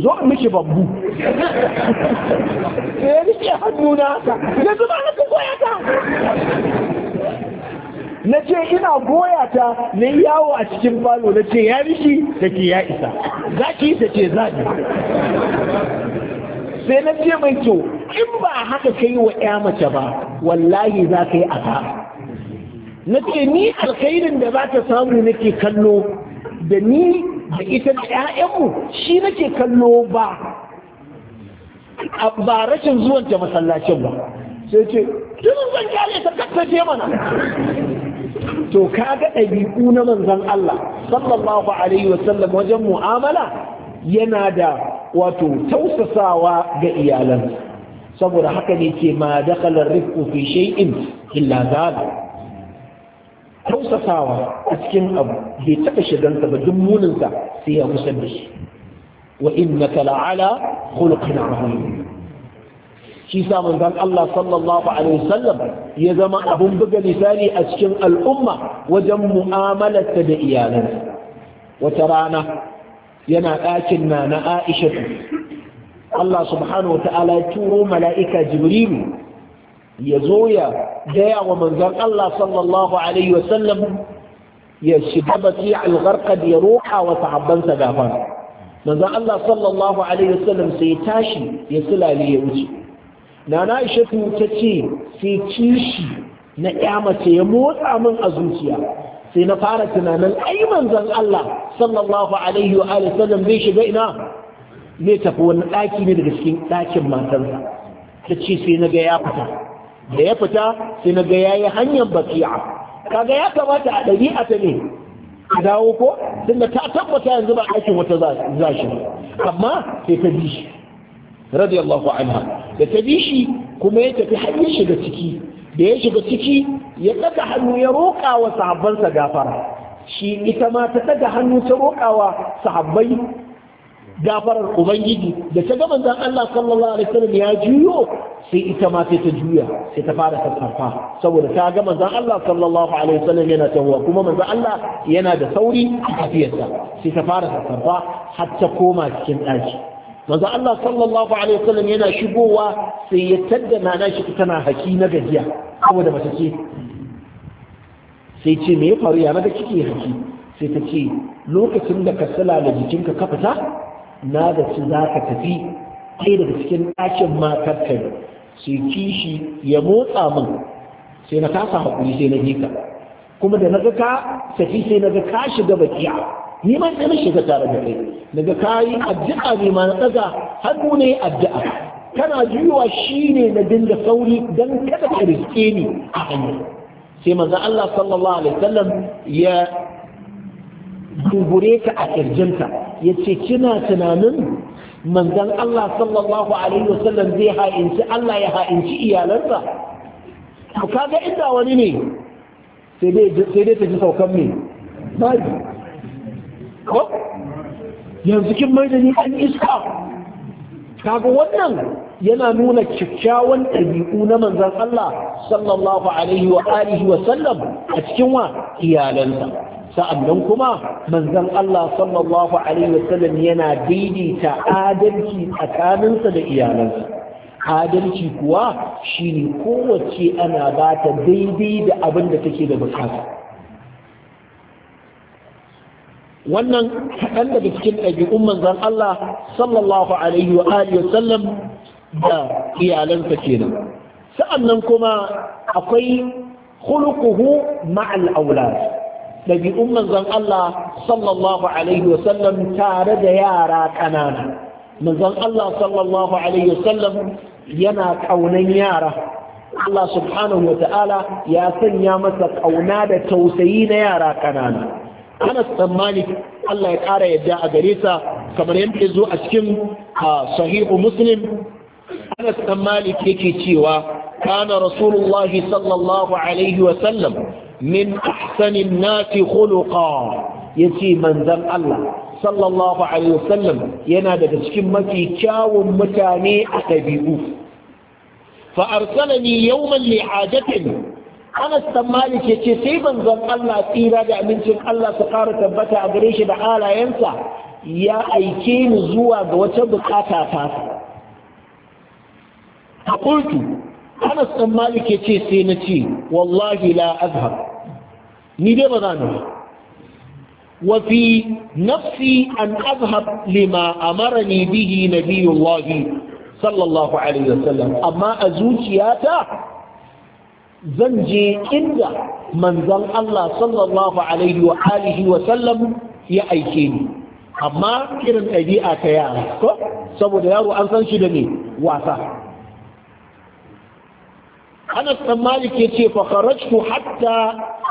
zo miki babbu sai ya rike na haka ya zuba haka goya ta na ce ina goya ta na yawo a cikin falo na ce ya rishi da ke ya isa za ki ta ce za ki sai na ce mai kyau in ba haka kai wa ya mace ba wallahi za ka yi a ta na ce ni alkhairin da za ta samu nake kallo da ni da ita da 'ya'yanmu shi nake kallo ba ba rashin zuwanta masallacin ba sai ce tun zan kyale ta kasance mana to kaga ɗabi'u na manzon Allah sallallahu alaihi sallam wajen mu'amala yana da wato tausasawa ga iyalan saboda haka ne ce ma da rifqu fi shay'in illa zala tausasawa a cikin abu bai taɓa shiganta ba duk muninsa sai ya kusa da shi wa innaka la'ala khuluqin azim shi sa manzon Allah sallallahu alaihi wasallam ya zama abun buga misali a cikin al'umma wajen mu'amalarta da iyalansa wata rana yana ɗakin na na Aisha Allah subhanahu ta'ala ya turo mala'ika Jibrilu ya zo ya gaya wa manzon Allah sallallahu alaihi wasallam ya shiga baki al-gharqad ya roƙa wa sahabbansa gafara Manzan Allah sallallahu alaihi wasallam sai tashi ya sulale ya wuce nana aishatu ta ce sai kishi na ya mace ya motsa min a zuciya sai na fara tunanin ai manzon Allah sallallahu alaihi wa alihi sallam bai shiga ina zai tafi wani ɗaki ne daga cikin ɗakin matarsa ta ce sai na ga ya fita da ya fita sai na ga ya yi hanyar baki'a kaga ya kamata a ɗabi'a ta ne a dawo ko tunda ta tabbata yanzu ba aikin wata za shi amma sai ta bi shi radiyallahu anha da ta bi shi kuma ya tafi har ya shiga ciki da ya shiga ciki ya ɗaga hannu ya roƙa wa sahabbansa gafara shi ita ma ta ɗaga hannu ta roƙa wa sahabbai gafarar ubangiji da ta gaban zan Allah sallallahu alaihi wasallam ya juyo sai ita ma sai ta juya sai ta fara tattafa saboda ta ga manzon Allah sallallahu alaihi wasallam yana tawwa kuma manzon Allah yana da sauri a tafiyarsa sai ta fara tattafa har ta koma cikin ɗaki manzo Allah sallallahu alaihi wasallam yana shigowa sai ya tadda nana shi tana haki na gajiya da mace ce sai ce me ya faru ya naga kike haki sai ta ce lokacin da ka sala da jikinka ka fita na da za ka tafi ɗaya daga cikin ɗakin matar kai sai kishi ya motsa min sai na kasa haƙuri sai na jika kuma da na ga ka tafi sai na ga ka shiga bakiya ni ma sai na ta tare da kai daga kayi addu'a ne ma na daga hannu ne addu'a kana juyuwa shine na dinga sauri dan kada ka riske ni a hanya sai manzo Allah sallallahu alaihi wasallam ya dubure ka a kirjinta yace kina tunanin manzon Allah sallallahu alaihi wasallam zai ha'inci Allah ya ha'inci iyalansa to kaga inda wani ne sai dai sai dai ta ji saukan me babu ko yanzu kin mai da ni an iska kaga wannan yana nuna kyakkyawan ɗabi'u na manzan Allah sallallahu alaihi wa alihi wa sallam a cikin wa iyalansa sa'annan kuma manzan Allah sallallahu alaihi wa sallam yana daidaita adalci tsakaninsa da iyalansa adalci kuwa shine kowace ana ba ta daidai da abin da take da bukata wannan kaɗan daga cikin ɗabi'un manzan Allah sallallahu alaihi wa alihi wa sallam da iyalansa kenan sa'annan kuma akwai khuluquhu ma'al aulad ɗabi'un manzan Allah sallallahu alaihi wa sallam tare da yara ƙanana manzan Allah sallallahu alaihi wa sallam yana ƙaunan yara Allah subhanahu wa ta'ala ya sanya masa ƙauna da tausayi na yara ƙanana Anas ɗan Malik Allah ya ƙara yadda a gare sa kamar yadda zo a cikin sahihu muslim Anas ɗan Malik yake cewa kana rasulullahi sallallahu alaihi wa sallam min ahsanin nati khuluqa yace manzan Allah sallallahu alaihi wa sallam yana daga cikin mafi kyawun mutane a ɗabi'u fa arsalani yawman li'ajatin Anas dan Malik ya ce sai banzan Allah tsira da abincin Allah su ƙara tabbata a gare shi da halayensa ya aike ni zuwa ga wata bukata ta a kultu Anas dan Malik ya ce sai na ce wallahi la azhab ni dai ba za ni wa fi nafsi an azhab lima amarani bihi nabiyullahi sallallahu alaihi wasallam amma a zuciyata zan je inda manzon Allah sallallahu alaihi wa alihi wa sallam ya aike ni amma irin ɗabi'a ta yara ko saboda yaro an san shi da ne wasa Anas ɗan Malik ya ce fa kharajtu hatta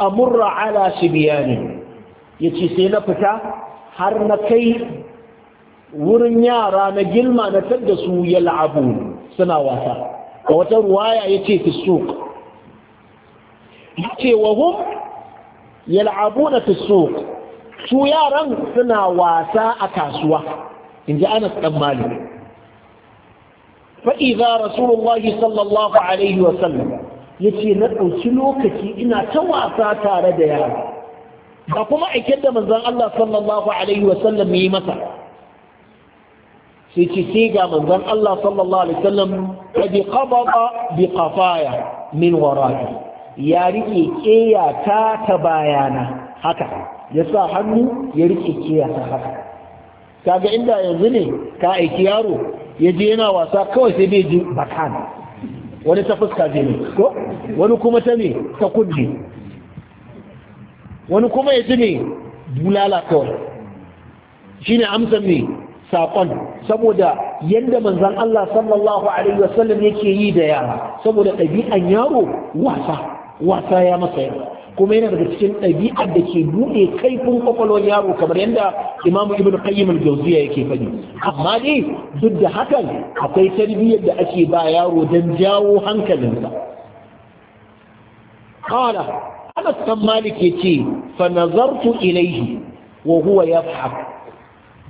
amurra ala sibyani yace sai na fita har na kai wurin yara na gilma na tadda su ya la'abu suna wasa a wata ruwaya yace fi suq yace wa hum yal'abuna fi suq su yaran suna wasa a kasuwa inji Anas dan Malik fa idza Rasulullah sallallahu alaihi wa sallam yace na ɗauki lokaci ina ta wasa tare da yara ba kuma aikin da manzan Allah sallallahu alaihi Wasallam sallam yi masa sai ce sai ga manzon Allah sallallahu alaihi Wasallam sallam bi qabada bi qafaya min wara'i ya riƙe keya ta ta bayana haka ya sa hannu ya rike keya ta haka kaga inda yanzu ne ka aiki yaro ya je yana wasa kawai sai bai ji bakan wani ta fuska je ne ko wani kuma ta ne ta kudi wani kuma ya ji ne bulala kawai shine amsa ne saƙon saboda yadda manzan Allah sallallahu Alaihi wasallam yake yi da yara saboda ɗabi'an yaro wasa wasa ya masa yawa kuma yana daga cikin ɗabi'ar da ke buɗe kaifin kwakwalwar yaro kamar yadda imamu ibn qayyim al-jawziya yake faɗi amma dai duk da hakan akwai tarbiyyar da ake ba yaro don jawo hankalinsa qala anas bin malik yace fa nazartu ilayhi wa huwa yafhak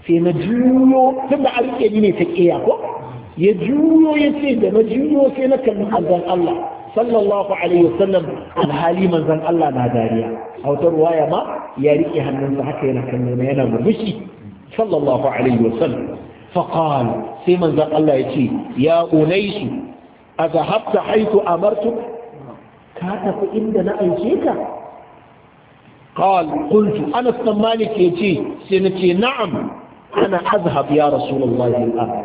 sai na juyo tun da rike ne ta kiya ko ya juyo yace da na juyo sai na kalli azan Allah sallallahu alaihi wasallam alhali manzon Allah na dariya Autar waya ma ya rike hannunsa haka yana kallon yana murmushi sallallahu alaihi wasallam فقال سيمن ذا الله يتي يا أنيس أذهبت حيث أمرتك كاتف إندنا أيشيك قال قلت na'am. استمالك يتي سنتي نعم أنا أذهب يا رسول الله الآن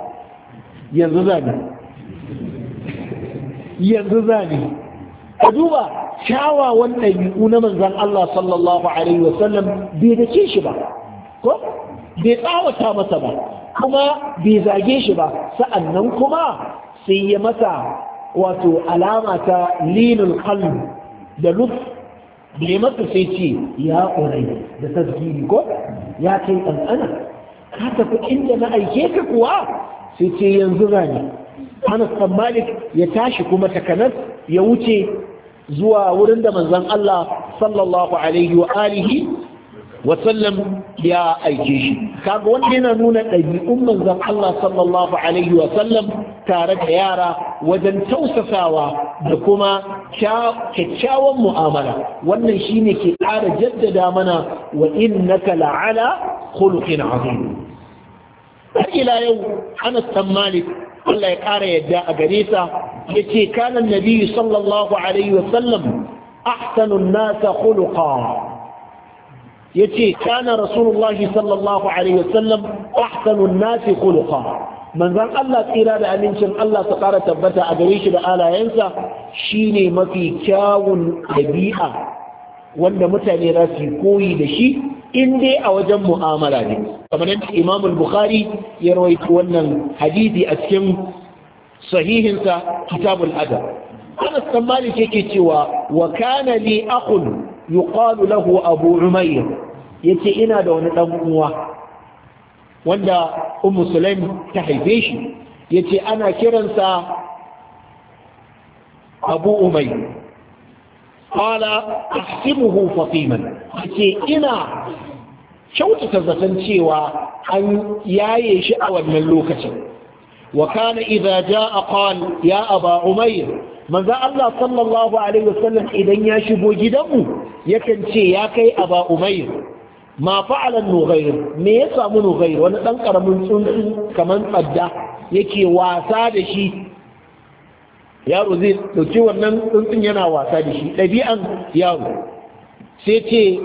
ينظرنا yanzu zani ka duba kyawawan ɗabi'u na manzan Allah sallallahu alaihi wasallam bai dace shi ba ko bai tsawata masa ba kuma bai zage shi ba sa'annan kuma sai ya masa wato alama ta linul qalb da luf bai sai ce ya ƙurai da tasgiri ko ya kai ɗanɗana ka tafi inda na aike ka kuwa sai ce yanzu zani Anas bin Malik ya tashi kuma takanas ya wuce zuwa wurin da manzon Allah sallallahu alaihi wa alihi wa sallam ya aike shi kaga wanda yana nuna ɗabi'un manzon Allah sallallahu alaihi wa sallam tare da yara wajen tausasawa da kuma kyakkyawan mu'amala wannan shine ke ƙara jaddada mana wa innaka la'ala khuluqin azim har ila yau Anas bin Malik Allah ya kara yadda a gare sa yace kana nabi sallallahu alaihi wasallam ahsanun nas khuluqa yace kana rasulullah sallallahu alaihi wasallam ahsanun nas khuluqa manzon Allah tsira da amincin Allah ta kara tabbata a gare shi da alayensa shine mafi kyawun ɗabi'a wanda mutane za su yi koyi da shi in dai a wajen mu'amala ne kamar yadda imam bukhari ya rawaito wannan hadisi a cikin sahihinsa kitabul adab Anas bin yake cewa wa kana li akhun yuqalu lahu Abu Umayr yace ina da wani dan uwa wanda Ummu Sulaim ta haife shi yace ana kiransa Abu Umayr qala ahsibuhu fatiman yace ina kyautata zaton cewa an yaye shi a wannan lokacin wa kana idza jaa qal ya aba umayr manzo Allah sallallahu alaihi wasallam idan ya shigo gidanmu yakan ce ya kai aba umayr ma fa'ala nughayr me ya samu nughayr wani dan karamin tsuntsu kamar tsadda yake wasa da shi yaro zai ɗauki wannan tsuntsun yana wasa da shi ɗabi'an yaro sai ce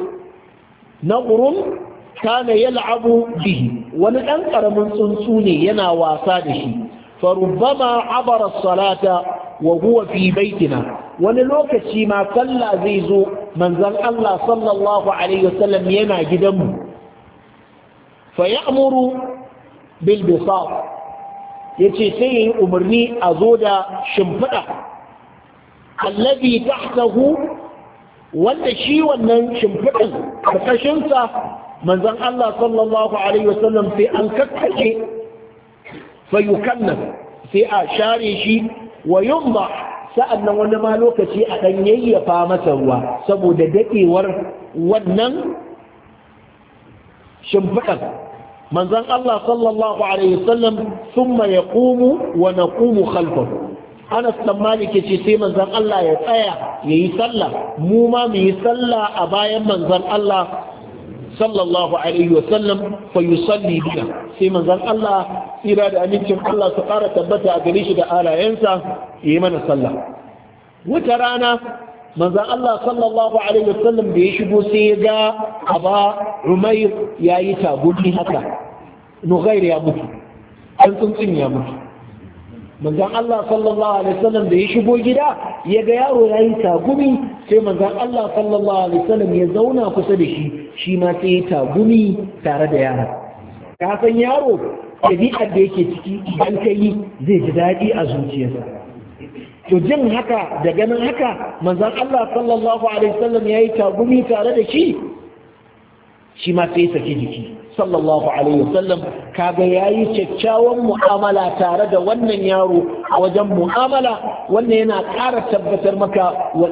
na ƙurun kana yal'abu bihi wani ɗan ƙaramin tsuntsu ne yana wasa da shi farubbama abara salata wa huwa fi baitina wani lokaci ma sallah zai zo manzon Allah sallallahu alaihi wasallam yana gidanmu fa ya'muru bil bisat ya ce sai ya yi umarni a zo da shimfiɗa ta tahtahu wanda shi wannan shimfiɗin ƙarƙashinsa manzon Allah sallallahu alaihi wasallam sai an kakkace fa nan, sai a share shi wa yumba sa'annan wani ma lokaci a ɗan yayyafa masa ruwa saboda daɗewar wannan shimfiɗar manzan Allah sallallahu alaihi wasallam thumma ƙumu wa ƙumu khalfahu Ana dan ke ce sai manzan Allah ya tsaya yayi sallah mu ma mu yi sallah a bayan manzon Allah sallallahu alaihi wasallam fa salli biya sai manzan Allah tsira da amincin Allah su ƙara tabbata a gare shi da alayensa yi mana sallah wata rana manzan Allah sallallahu alaihi wasallam da ya shigo sai ya ga aba umair ya yi tagumi haka nugair ya mutu Ɗan tsuntsun ya mutu manzan Allah sallallahu alaihi wasallam da ya shigo gida ya ga yaro ya yi tagumi sai manzan Allah sallallahu alaihi wasallam ya zauna kusa da shi shi ma sai ya tagumi tare da yaron ka san yaro ɗabi'ar da yake ciki idan ka yi zai ji daɗi a zuciyarsa to jin haka da ganin haka manzan Allah sallallahu alaihi wasallam ya yi tagumi tare da shi shi ma sai saki jiki sallallahu alaihi wasallam kaga yayi kyakkyawan mu'amala tare da wannan yaro a wajen mu'amala wannan yana ƙara tabbatar maka wa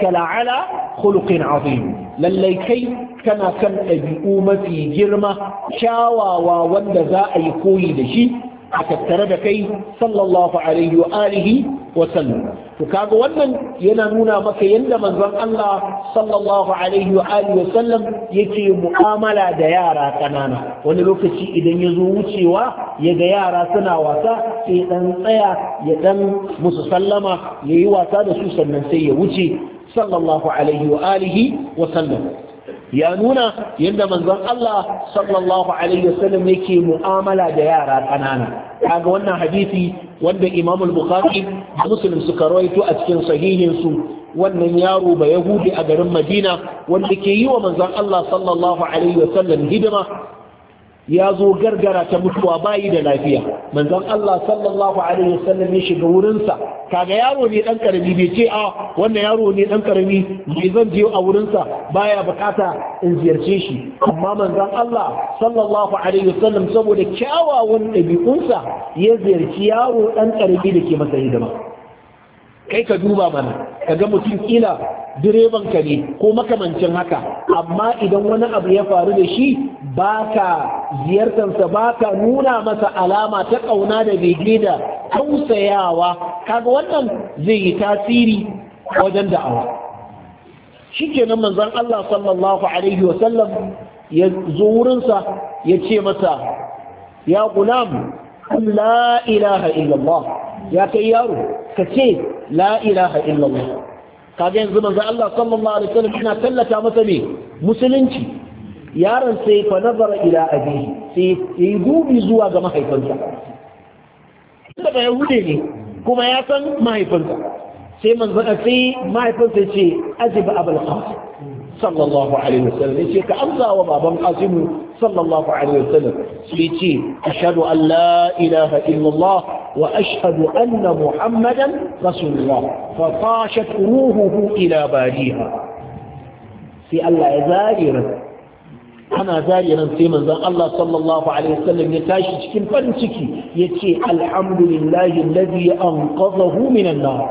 ka la'ala khuluqin azim lallai kai kana kan ɗabi'u mafi girma kyawawa wanda za a yi koyi da shi a tattare da kai sallallahu alaihi wa alihi wa sallam to kaga wannan yana nuna maka yadda manzon Allah sallallahu alaihi wa alihi wa sallam yake mu'amala da yara kanana wani lokaci idan ya zo wucewa ya ga yara suna wasa sai dan tsaya ya dan musu sallama yayi wasa da su sannan sai ya wuce sallallahu alaihi wa alihi wa sallam ya nuna yadda manzon Allah sallallahu alaihi wasallam yake mu'amala da yara kanana kaga wannan hadisi wanda Imam al-Bukhari da Muslim suka rawaito a cikin sahihin su wannan yaro ba Yahudi a garin Madina wanda ke yi wa manzon Allah sallallahu alaihi wasallam hidima ya zo gargara ta mutuwa bayi da lafiya manzon Allah sallallahu alaihi wasallam ya shiga wurinsa kaga yaro ne dan karami bai ce a ah, wannan yaro ne dan karami bai zan je a wurinsa baya bukata in ziyarce shi amma manzon Allah sallallahu alaihi wasallam saboda kyawawan dabi'unsa ya ziyarci yaro dan karami da ke masa hidima kai ka duba mana ka ga mutum kila direban ka ne ko makamancin haka amma idan wani abu ya faru da shi ba ka ziyartarsa ba ka nuna masa alama ta ƙauna da bege da tausayawa kaga wannan zai yi tasiri wajen da'awa shi kenan manzon Allah sallallahu alaihi ya zo wurinsa ya ce masa ya gulam la ilaha illallah ya kai yaro ka ce la ilaha illallah kaga yanzu manzo Allah sallallahu alaihi wasallam yana tallata masa ne musulunci yaron sai fa nazara ila abihi sai ya yi dubi zuwa ga mahaifinsa tunda yahude ne kuma ya san mahaifinsa sai manzo sai mahaifinsa ce aziba abul qasim sallallahu alaihi wasallam ce ka amsa wa baban qasim sallallahu alaihi wasallam sai ce ashhadu an la ilaha illallah wa ashhadu anna muhammadan rasulullah fa tashat ruhuhu ila bariha sai Allah ya zari ana zari sai manzon Allah sallallahu alaihi wasallam ya tashi cikin farin ciki yace alhamdulillahi alladhi anqadhahu minan nar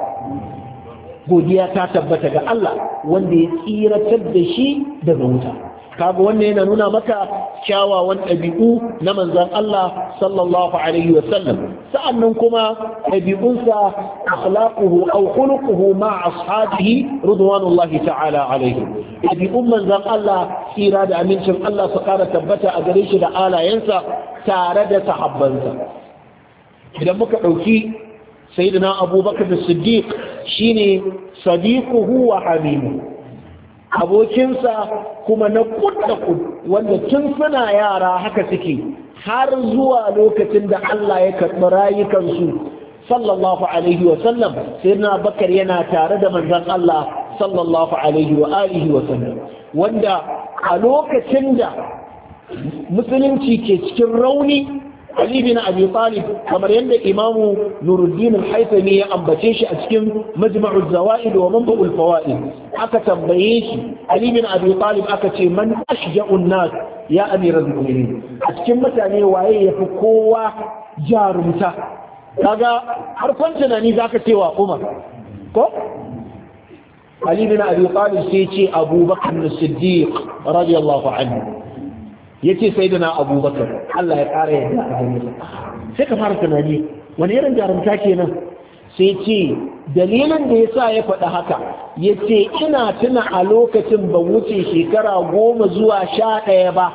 godiya ta tabbata ga Allah wanda ya tsiratar da shi daga wuta kaga wannan yana nuna maka kyawawan ɗabi'u na manzan Allah sallallahu alaihi wa sallam sa'annan kuma ɗabi'unsa akhlaquhu aw khuluquhu ma ashabihi ridwanullahi ta'ala alaihi ɗabi'un manzan Allah tsira da amincin Allah su ƙara tabbata a gare shi da alayensa tare da sahabbansa idan muka ɗauki sayyidina abubakar da siddiq shine sadiquhu wa hamimu abokinsa kuma na kudda kud wanda tun suna yara haka suke har zuwa lokacin da Allah ya karɓi rayukansu sallallahu alaihi wa sallam Sayyidina na bakar yana tare da manzon Allah sallallahu alaihi wa alihi wa sallam wanda a lokacin da musulunci ke cikin rauni Ali bin Abi Talib kamar yadda Imamu Nuruddin Al-Haythami ya ambace shi a cikin Majma'u Zawaid wa Manba'ul Fawaid aka tambaye shi Ali bin Abi Talib aka ce man ashja'un nas ya amiral mu'minin a cikin mutane waye yafi kowa jarumta kaga har kwan tunani zaka ce wa Umar ko Ali bin Abi Talib sai ce abubakar Bakr As-Siddiq radiyallahu anhu ya ce sai da na abubakar Allah ya ƙara yadda a gani sai ka fara tunani wani irin jarumta kenan sai ce dalilin da ya sa ya faɗi haka ya ce ina tuna a lokacin ba wuce shekara goma zuwa sha ɗaya ba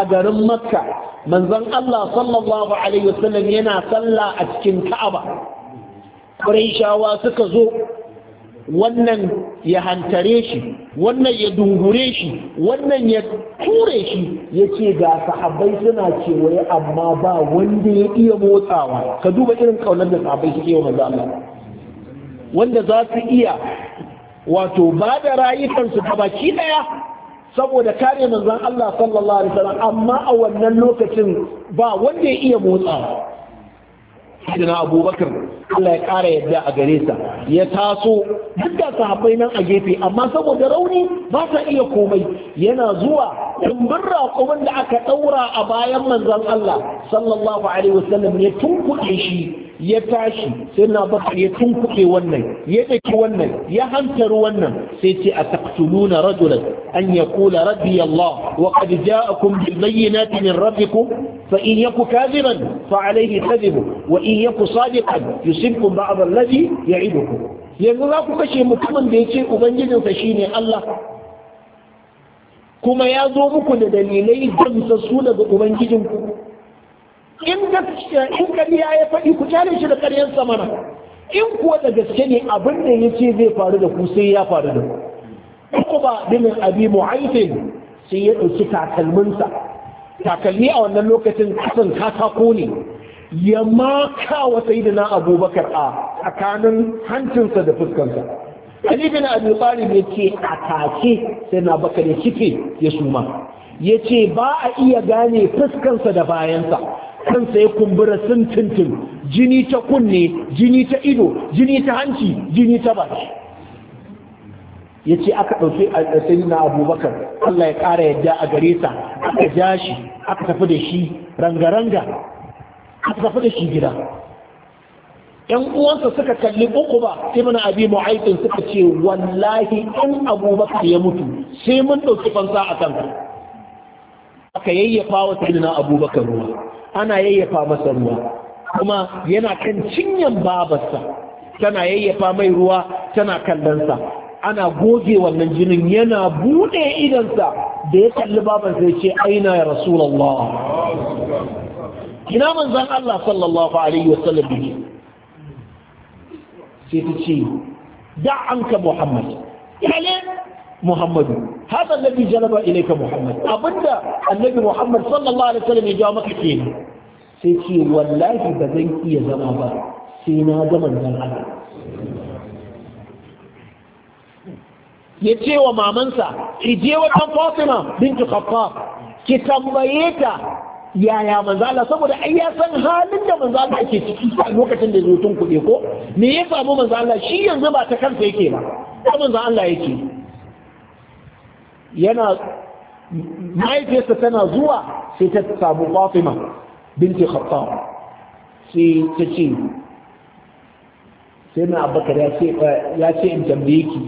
a garin makka manzon Allah sallallahu alaihi wasallam yana sallah a cikin ka'aba ƙurayshawa suka zo wannan ya hantare shi wannan ya dungure shi wannan ya ture shi ya ce ga sahabbai suna kewaye amma ba wanda ya iya motsawa ka duba irin kaunar da sahabbai suke yi manzo Allah wanda za su iya wato ba da rayukansu ta baki daya saboda kare manzon Allah sallallahu alaihi wasallam amma a wannan lokacin ba wanda ya iya motsawa sayyidina abubakar Allah ya ƙara yadda a gare sa ya taso duk da sahabbai nan a gefe amma saboda rauni ba sa iya komai yana zuwa dumbin raƙumin da aka ɗaura a bayan manzon Allah sallallahu alaihi wasallam ya tunkuɗe shi ya tashi sai na bakar ya tunkuɗe wannan ya ɗaki wannan ya hantar wannan sai ce a taqtuluna rajulan an yaqula rabbi Allah wa qad ja'akum bil bayyinati min rabbikum fa in yaku kadiban fa alayhi kadhibu wa in yaku sadiqan yusibkum ba'd alladhi ya'idukum yanzu za ku kashe mutumin da ya ce ubangijinsa shine Allah kuma ya zo muku da dalilai suna daga ubangijinku in gaskiya in ƙarya ya faɗi ku tare shi da ƙaryar samana in kuwa da gaske ne abin da ya ce zai faru da ku sai ya faru da ku ba dinin abi mu'aitin sai ya ɗauki takalminsa takalmi a wannan lokacin kasan katako ne ya maka wa sayyidina abubakar a tsakanin hancinsa da fuskansa Ali bin Abi Talib ya ce a take sai na bakar ya kife ya suma ya ce ba a iya gane fuskansa da bayansa kansa ya kumbura sun tuntun jini ta kunne jini ta ido jini ta hanci jini ta baki ya ce aka ɗauki a na abubakar allah ya ƙara yadda a gare sa aka ja shi aka tafi da shi ranga aka tafi da shi gida ‘yan uwansa suka kalli uku ba ibn abi mu'aikin suka ce wallahi in abubakar ya mutu sai mun ɗauki fansa a kanka aka yayyafa wa sayyidina abubakar ruwa ana yayyafa masa ruwa kuma yana kan cinyan babarsa tana yayyafa mai ruwa tana kallonsa ana goge wannan jinin yana buɗe idansa da ya kalli babarsa ya ce aina ya rasulallah ina manzan Allah sallallahu alaihi wasallam ne sai ta ce da'anka muhammad muhammadu hada nabi jalaba ilaika muhammad abinda annabi muhammad sallallahu alaihi wasallam ya jawo maka kenan sai ce wallahi ba iya zama ba sai na ga manzon Allah ya ce wa mamansa ki je wajen Fatima bintu Khattab ki tambaye ta yaya manzo Allah saboda ai ya san halin da manzo Allah yake ciki a lokacin da zai tun kuɗe ko me ya samu shi yanzu ba ta kansa yake ba manzo Allah yake yana mahaifiyarsa tana zuwa sai ta samu fatima binti khattab sai ta ce sai na abubakar ya ce in tambaye ki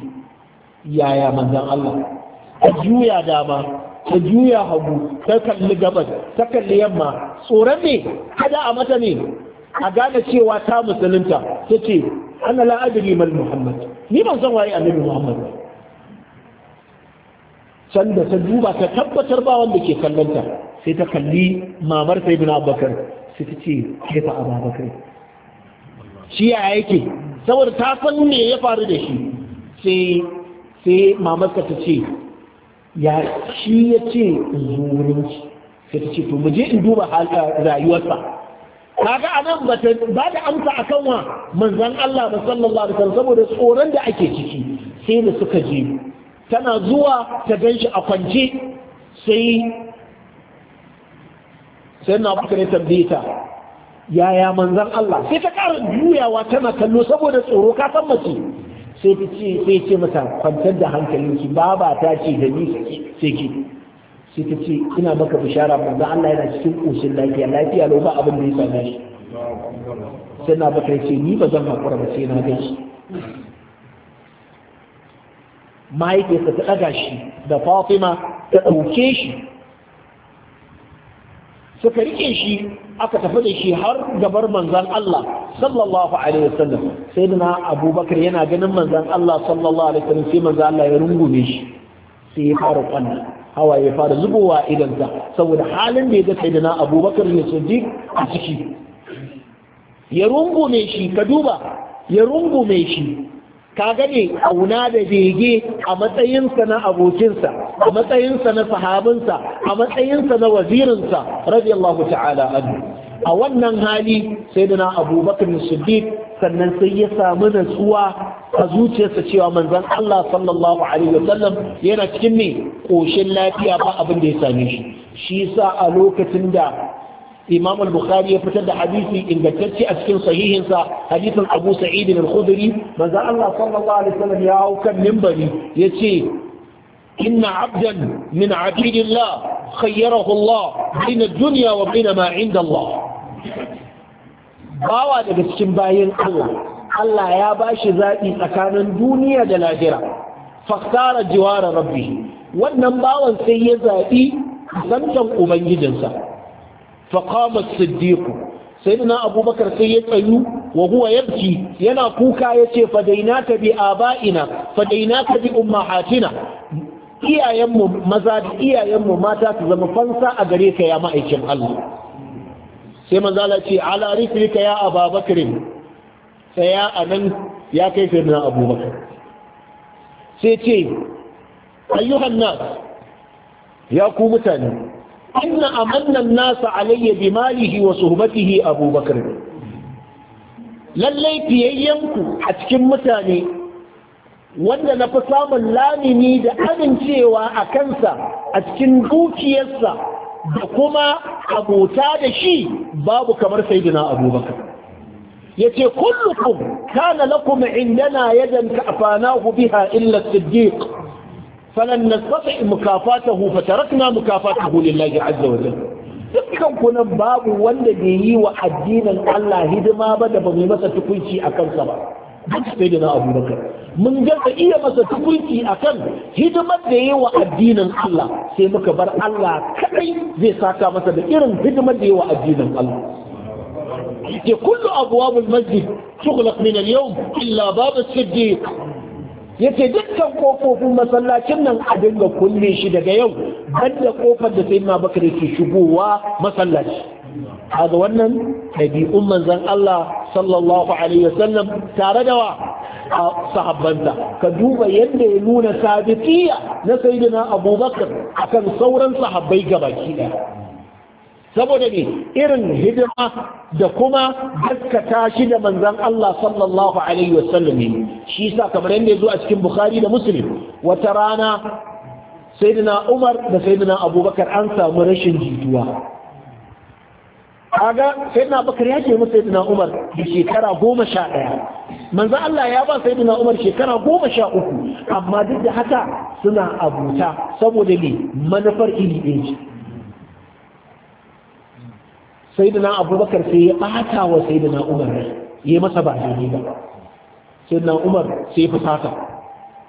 yaya manzan Allah ta juya dama ta juya hagu ta kalli gabas ta kalli yamma tsoron ne kada a mata ne a gane cewa ta musulunta ta ce ana la'adari mal muhammad ni ban san waye annabi muhammad ba sanda ta duba ta tabbatar ba wanda ke kallonta sai ta kalli mamar sai bin abubakar sai ta ce fa abubakar shi ya yake saboda ta san me ya faru da shi sai sai mamarsa ta ce ya shi ya ce shi, sai ta ce to mu je in duba eh, rayuwarsa kaga anan nan ba da amsa akan wa manzon Allah ba sallallahu alaihi wasallam saboda tsoron da ake ciki sai da suka je tana zuwa ta gan shi a kwance sai sai na bukari tambaye ta yaya manzan Allah sai ta ƙara juyawa tana kallo saboda tsoro ka san mace sai ta ce sai ce mata kwantar da hankali baba ta ce da ni sai ki sai ta ce ina maka bishara manzan Allah yana cikin ƙoshin lafiya lafiya lau ba abin da ya same shi sai na baka ce ni ba zan haƙura ba sai na gan shi mahaifiyarsa ta ɗaga shi da fatima ta ɗauke shi suka rike shi aka tafi da shi har gabar manzan Allah sallallahu alaihi wasallam sai na abubakar yana ganin manzan Allah sallallahu alaihi wasallam sai manzan Allah ya rungume shi sai ya fara kwanna hawa ya fara zubowa idansa saboda halin da ya ga na abubakar ya siddiq a ciki ya rungume shi ka duba ya rungume shi kaga ne auna da bege a matsayinsa na abokinsa a matsayinsa na sahabinsa a matsayinsa na wazirinsa radiyallahu ta'ala anhu a wannan hali sai da na abubakar siddiq sannan sai ya samu natsuwa a zuciyarsa cewa manzon Allah sallallahu alaihi wasallam yana cikin ne koshin lafiya ba abin da ya same shi shi yasa a lokacin da imam al-bukhari ya fitar da hadisi ingantacce a cikin sahihinsa hadisin abu sa'id al-khudri manzo Allah sallallahu alaihi wasallam ya hau kan minbari yace inna abdan min abidillah khayyarahu Allah bain ad-dunya wa bain ma 'inda Allah bawa daga cikin bayin Allah Allah ya bashi zaɓi tsakanin duniya da lahira fakhara jiwara rabbi wannan bawan sai ya zaɓi zantan ubangijinsa فقام الصديق سيدنا أبو بكر سيد أيو وهو يبكي ينا كوكا يتي فديناك بآبائنا فديناك بأمهاتنا iyayenmu maza da iyayenmu mata su zama fansa a gare ka ya ma'aikin Allah sai manzala ce ala rifrika ya ababakar tsaya a nan ya kai firna abubakar sai ce ayyuhan nas ya ku mutane inna amanna nasa alayya bi malihi wa suhbatihi abubakar lallai fiyayyenku a cikin mutane wanda na fi samun lamini da amincewa a kansa a cikin dukiyarsa da kuma abota da shi babu kamar saidina abubakar ya ce kullukum kana lakum indana yadan kafanahu biha illa siddiq falan nastati mukafatahu fatarakna mukafatahu lillahi azza wa jalla dukkan kunan babu wanda bai yi wa addinin Allah hidima ba da ba mai masa tukunci a kansa ba duk sai da na abubakar mun gasa iya masa tukunci a kan hidimar da yi wa addinin Allah sai muka bar Allah kaɗai zai saka masa da irin hidimar da yi wa addinin Allah ke kullu abuwa masjid tughlaq min al-yawm illa bab as-siddiq yace dukkan kofofin masallacin nan a dinga kulle shi daga yau banda kofar da sai bakar yake shigowa masallaci A wannan ɗabi'un manzan Allah sallallahu alaihi wasallam tare da wa sahabbanta ka duba yadda ya nuna sabitiya na sayyidina abubakar akan sauran sahabbai gabaki daya saboda ne irin hidima da kuma gaskata shi da manzan Allah sallallahu alaihi wasallam shi sa kamar yadda ya zo a cikin Bukhari da Muslim wata rana sayyidina Umar da sayyidina Abubakar an samu rashin jituwa kaga sayyidina Abubakar ya ce masa sayyidina Umar da shekara goma sha ɗaya manzan Allah ya ba sayyidina Umar shekara goma sha uku amma duk da haka suna abuta saboda ne manufar iri ɗaya Sai da na abubakar sai ya bata wa na umar ya masa ba daidai ba na umar sai ya fusata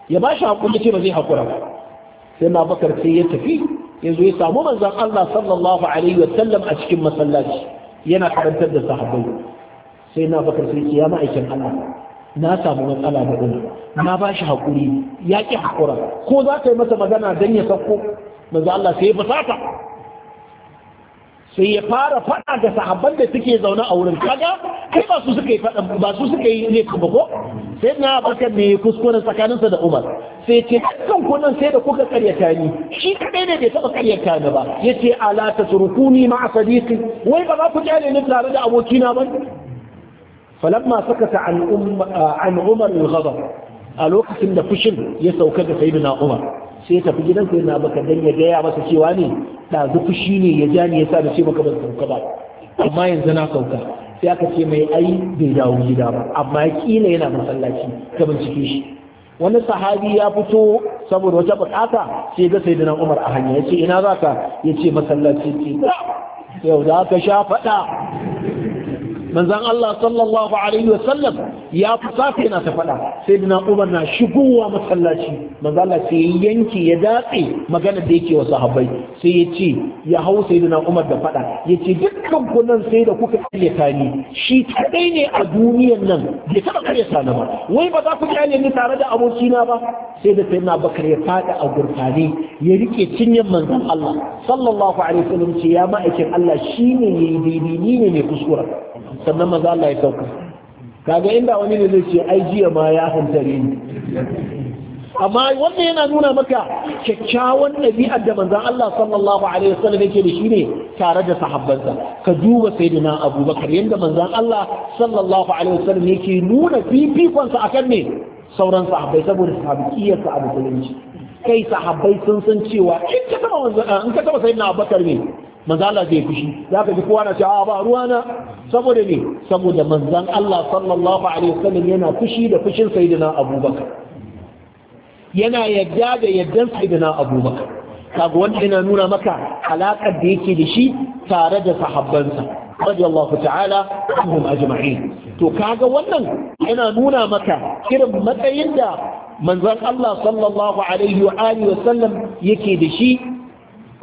ya ba shi hakuri ce ba zai haƙura, ba na abubakar sai ya tafi ya zo ya samu manzon Allah sallallahu alaihi wa sallam a cikin masallaci yana karantar da sahabbai na abubakar sai ya ma'aikin Allah na samu matsala da umar na ba shi haƙuri ya ƙi haƙura ko za ka yi masa magana don ya sauko manzon Allah sai ya fusata sai ya fara faɗa ga sahabban da suke zaune a wurin kaga kai ba su suka yi faɗa ba su suka yi ne kuma ko sai na bakar ne kuskuren tsakaninsa da Umar sai ce kan kunan sai da kuka karyata ni shi kadai ne bai taɓa karyata ni ba yace ala tasrukuni ma sadiqi wai ba za ku kyale ni tare da abokina ba falamma sakata an umma an Umar al-ghadab a lokacin da fushin ya sauka ga sayyidina Umar sai tafi gidan yana baka dan ya gaya masa cewa ne da zuku shi ne ya ja ni ya sa da ce maka ban sauka ba amma yanzu na sauka sai aka ce mai ai bai dawo gida ba amma kila yana masallaci ka bincike shi wani sahabi ya fito saboda wata bukata sai ga sayyidina Umar a hanya yace ina za zaka yace masallaci ce yau da ka sha faɗa? manzan Allah sallallahu alaihi sallam ya fusata yana ta faɗa sai dina umar na shigowa masallaci manzan Allah sai ya yanke ya datse magana da yake wa sahabbai sai ya ce ya hau sai dina umar da faɗa ya ce dukkan ku nan sai da kuka karyata ni shi kadai ne a duniyan nan bai taɓa karyata ni ba wai ba za ku kyale ni tare da abokina ba sai da sai na bakar ya faɗa a gurfane ya rike cinyan manzan Allah sallallahu alaihi wasallam ce ya ma'aikin Allah shine ne daidai ne mai kuskura sannan maza Allah ya sauka kaga inda wani ne zai ce ai jiya ma ya hantari. ni amma wannan yana nuna maka kyakkyawan ɗabi'ar da Manzan Allah sallallahu alaihi wasallam yake da shi ne tare da sahabbansa ka duba sayyidina Abubakar yadda Manzan Allah sallallahu alaihi wasallam yake nuna fifikonsa akan ne sauran sahabbai saboda sahabiyarsa a musulunci kai sahabbai sun san cewa in ka taba in ka taba sayyidina Abubakar ne manzo zai fushi zaka ji kowa na cewa ah, ba ruwana saboda ne saboda manzan Allah sallallahu alaihi wasallam yana fushi da fushin sayyidina Abubakar yana yadda da yaddan sayyidina Abubakar kaga wanda yana nuna maka alaƙar da yake da shi tare da sahabbansa radiyallahu ta'ala anhum ajma'in to kaga wannan yana nuna maka irin matsayin da manzan Allah sallallahu alaihi wa alihi wa yake da shi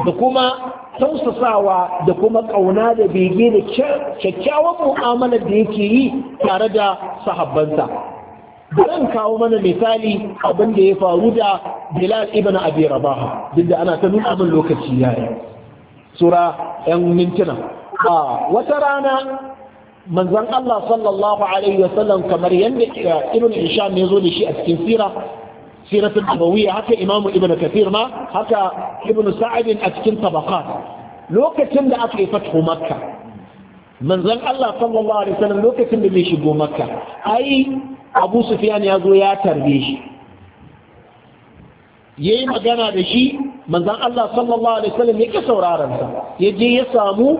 da kuma tausasawa da kuma ƙauna da bege da kyakkyawan mu'amalar da yake yi tare da sahabbansa zan kawo mana misali abin da ya faru da bilal ibn abi rabaha duk da ana ta nuna min lokaci yayi sura ƴan mintuna a wata rana manzon Allah sallallahu alaihi wasallam kamar yadda eh, ibn Hisham ya zo da shi a cikin sira siratul nabawiyya haka imamu ibn kathir ma haka ibn sa'id a cikin tabaqat lokacin da aka yi fathu makka manzon Allah sallallahu alaihi wasallam lokacin da bai shigo makka ai abu sufyan ya zo ya tarbe shi yayi magana da shi manzon Allah sallallahu alaihi wasallam yake sauraron sa yaje ya samu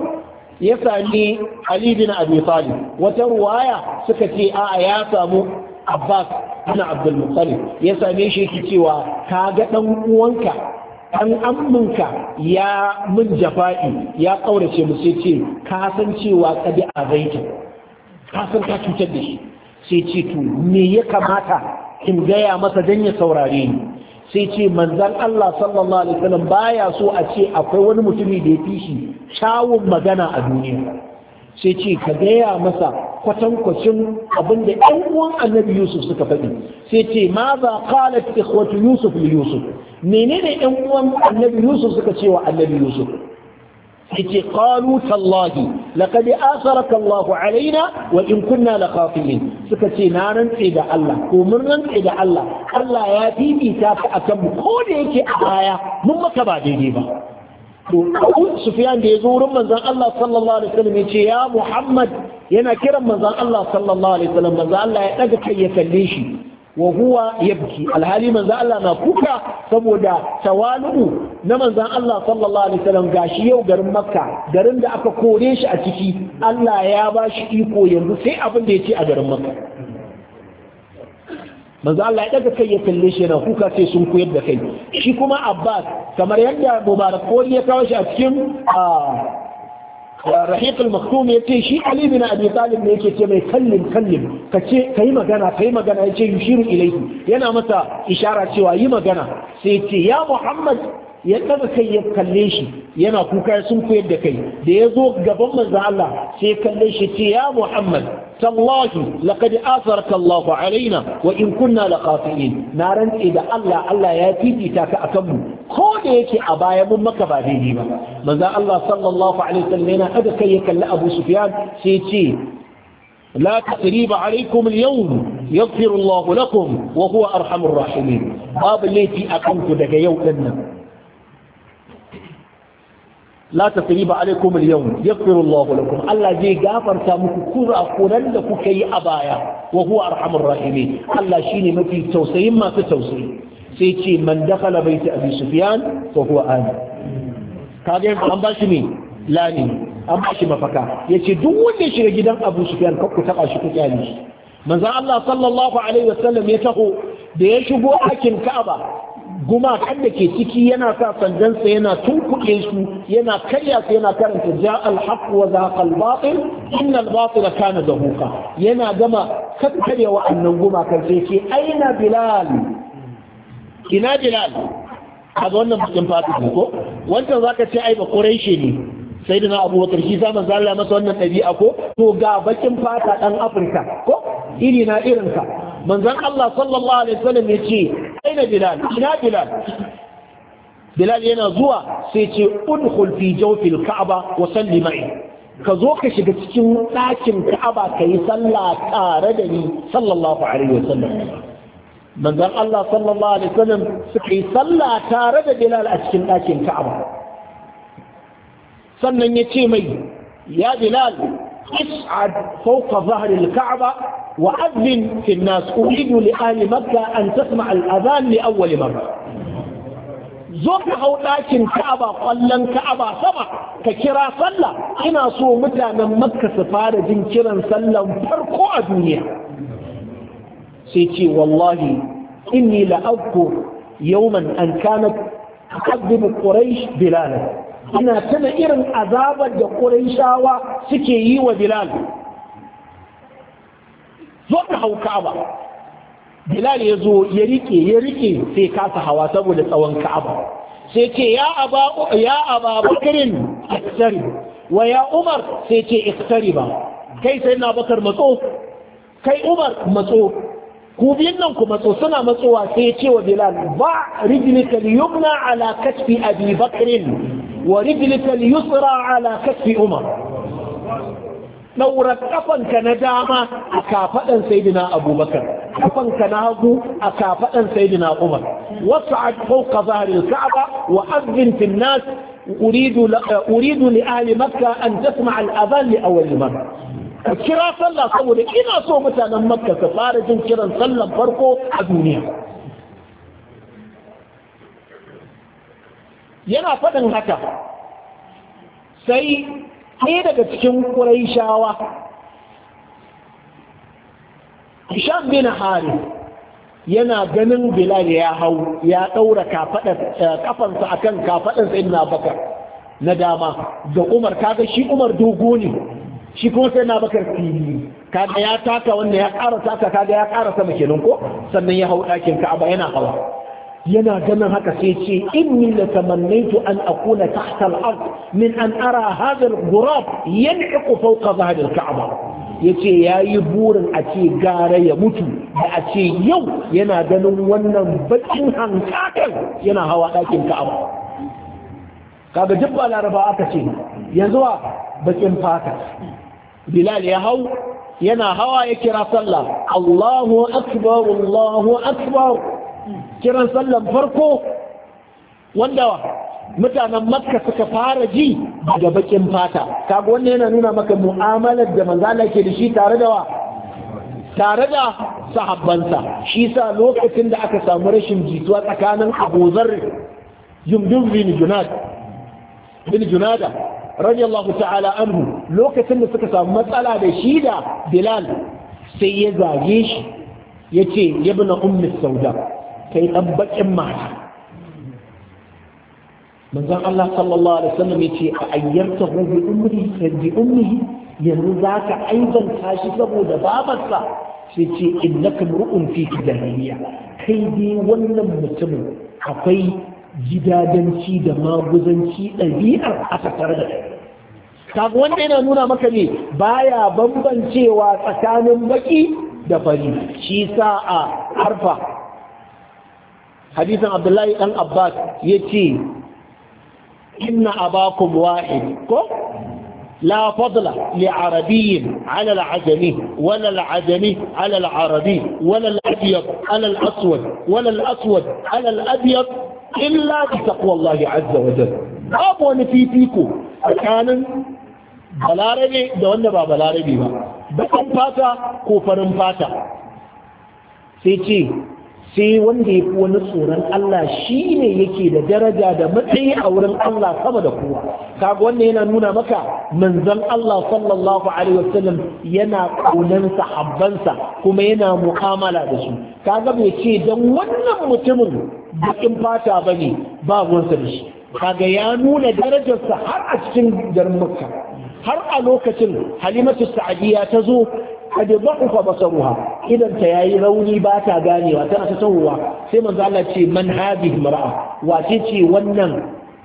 ya sami Ali bin Abi Talib wata ruwaya suka ce a ya samu abbas ana abdul muttalib ya same shi yake cewa ka ga dan uwanka dan amminka ya mun jafa'i ya kaurace mu sai ce ka san cewa kadi azaita ka san ka cutar da shi sai ce to me ya kamata in gaya masa dan ya saurare ni sai ce manzan Allah sallallahu alaihi wasallam baya so a ce akwai wani mutumi da ya fi shi shawun magana a duniya sai ce ka gaya masa kwatankwacin abin da ‘yan uwan annabi Yusuf suka faɗi sai ce ma za qalat ikhwatu Yusuf li Yusuf menene ‘yan uwan annabi Yusuf suka ce wa annabi Yusuf sai ce qalu tallahi laqad asaraka Allahu alaina wa in kunna laqafilin suka ce na rantse da Allah ko mun rantse da Allah Allah ya bibita ka akan mu ko da yake a baya mun maka ba daidai ba to Abu Sufyan da ya zo wurin manzan Allah sallallahu alaihi wasallam ya ce ya Muhammad yana kiran manzon Allah sallallahu alaihi wasallam Allah ya daga kai ya kalle shi wa huwa yabki alhali manza Allah na kuka saboda tawalu na manzan Allah sallallahu alaihi wasallam gashi yau garin Makka garin da aka kore shi a ciki Allah ya ba shi iko yanzu sai abin da ya ce a garin Makka manzo Allah ya daga kai ya kalle shi na kuka sai sun koyar da kai shi kuma Abbas kamar yadda Mubarak ya kawo shi a cikin rahiq al-maktum ce shi Ali bin Abi Talib ne yake ce mai kallin kallin kace kai magana kai magana yace yushiru ilayhi yana masa ishara cewa yi magana sai yace ya Muhammad ya daga kai ya kalle shi yana kuka sun koyar da kai da ya zo gaban manzo Allah sai ya kalle shi ce ya Muhammad tallahi laqad asarka Allahu alaina wa in kunna laqatiin na rantse da Allah Allah ya fifita ka akan mu ko da yake a baya mun maka ba daidai ba manzo Allah sallallahu alaihi wasallam yana daga kai ya kalli Abu Sufyan sai ce لا تقريب عليكم اليوم يغفر الله لكم وهو أرحم الراحمين باب التي أقمت لك يوم la tasriba alaikum al-yawm yaghfiru Allahu lakum Allah zai gafarta muku kurakuran da kuka yi a baya wa huwa arhamur rahimin Allah shine mafi tausayin masu tausayi sai ce man dakhala baiti abi sufyan fa huwa amin kage an ba shi me lani an ba shi mafaka yace duk wanda shiga gidan abu sufyan ku taba shi ku kyale shi manzon Allah sallallahu alaihi wasallam ya taho da ya shigo akin Ka'aba gumakan da ke ciki yana sa sandansa yana tunkuɗe su yana karya su yana karanta ja alhaq wa zaqa albatil inna albatila kana dahuqa yana gama kakkarya wa'annan gumakan sai ce aina bilal ina bilal a ga wannan bakin fatu ko wancan za zaka ce ai ba quraishi ne sai da na abubakar shi za mu Allah masa wannan ɗabi'a ko to ga bakin fata dan afirka ko iri na irinka manzon Allah sallallahu alaihi wasallam ya ce aina bilal ina bilal bilal yana zuwa sai ce udkhul fi jawfil ka'aba wa salli ka zo ka shiga cikin ɗakin ka'aba ka yi sallah tare da ni sallallahu alaihi wa wasallam manzon Allah sallallahu alaihi wasallam suka yi sallah tare da bilal a cikin ɗakin ka'aba sannan ya ce mai ya bilal اصعد فوق ظهر الكعبة وأذن في الناس أريد لأهل مكة أن تسمع الأذان لأول مرة زوك هو لكن كعبة قلا كعبة سبع ككرا صلى إنا سو متانا مكة سفارة كرا صلى فرقوا الدنيا سيتي والله إني لأذكر يوما أن كانت تقدم قريش بلالا ina tuna irin azabar da ƙurayshawa suke yi wa bilal zo ka hau ka'aba bilal ya zo ya rike ya rike sai kasa hawa saboda tsawon ka'aba sai ce ya aba ya aba bakarin iktari wa ya umar sai ce iktari ba kai sai na bakar matso kai umar matso ku biyun nan ku matso suna matsowa sai ce wa bilal ba rijlika al-yumna ala kasfi abi bakr wa rijlika al-yusra ala kasfi umar ɗaura ƙafanka na dama a kafaɗan saidina abubakar ƙafanka na hagu a kafaɗan saidina umar wasu a fauka zaharin ka'aba wa azbin finnas uridu li ahli makka an tasma al'adhan li awwal marra ka kira sallah saboda ina so mutanen makka su fara jin kiran sallan farko a duniya yana faɗin haka sai ɗaya daga cikin ƙurai shawa Hisham bin Harith yana ganin Bilal ya hau ya ɗaura eh, kafansa a kan kafaɗinsa ina baka na dama da Umar kaga shi Umar dogo ne shi kuma sai na bakar fili kaga ya taka wannan ya ƙara taka kaga ya ƙara sama kenan ko sannan ya hau ɗakin ka'aba yana hawa yana ganin haka sai ce inni la tamannaitu an akuna tahta al-ard min an ara hadha al-ghurab yan'iqu fawqa dhahr al-ka'aba yace yayi burin a ce gara ya mutu da a ce yau yana ganin wannan bakin hankakan yana hawa ɗakin ka'aba kaga duk ba laraba aka ce yanzu ba, bakin fata bilal ya hau yana hawa ya kira sallah Allahu akbar Allahu akbar kiran sallan farko wanda mutanen makka suka fara ji daga bakin fata kaga wannan yana nuna maka mu'amalar da manzala ke da shi tare da wa tare da sahabbansa shi sa lokacin da aka samu rashin jituwa tsakanin abuzar jumdun bin junad bin junada radiyallahu ta'ala anhu lokacin da suka samu matsala da shi da bilal sai ya zage shi ya ce yabna ummi sauda kai dan mata manzon Allah sallallahu alaihi wasallam ya ce a ayyarta bi ummihi bi ummihi yanzu zaka aibanta shi saboda babarsa sai ce innaka ru'un fi jahiliya kai dai wannan mutumin akwai gidadanci da maguzanci ɗabi'ar a tare da kai wanda ina nuna maka ne baya bambancewa tsakanin baƙi da fari shi sa a harfa hadisan abdullahi ɗan abbas ya ce inna abakum wahid ko la fadla li arabiyyin ala al'ajami wala al'ajami ala al'arabi wala al'abiyar ala al'aswad wala al'aswad ala al'abiyar illa bi taqwallahi azza wa jalla babu wani fifiko tsakanin balarabe da wanda ba balarabe ba bakan fata ko farin fata sai ce sai wanda ya fi wani tsoron Allah shi ne yake da daraja da matsayi a wurin Allah sama da kowa kaga wanda yana nuna maka manzon Allah sallallahu alaihi wasallam yana kaunan sahabbansa kuma yana mu'amala da su kaga bai ce dan wannan mutumin bakin fata bane ba gonsa da shi kaga ya nuna darajarsa har a cikin garin Makka har a lokacin halimatu sa'adiyya ta zo kad dha'afa basaruha idan ta yayi rauni ba ta ganewa tana ta tawowa sai manzo Allah ce man hadhihi mar'a wace ce wannan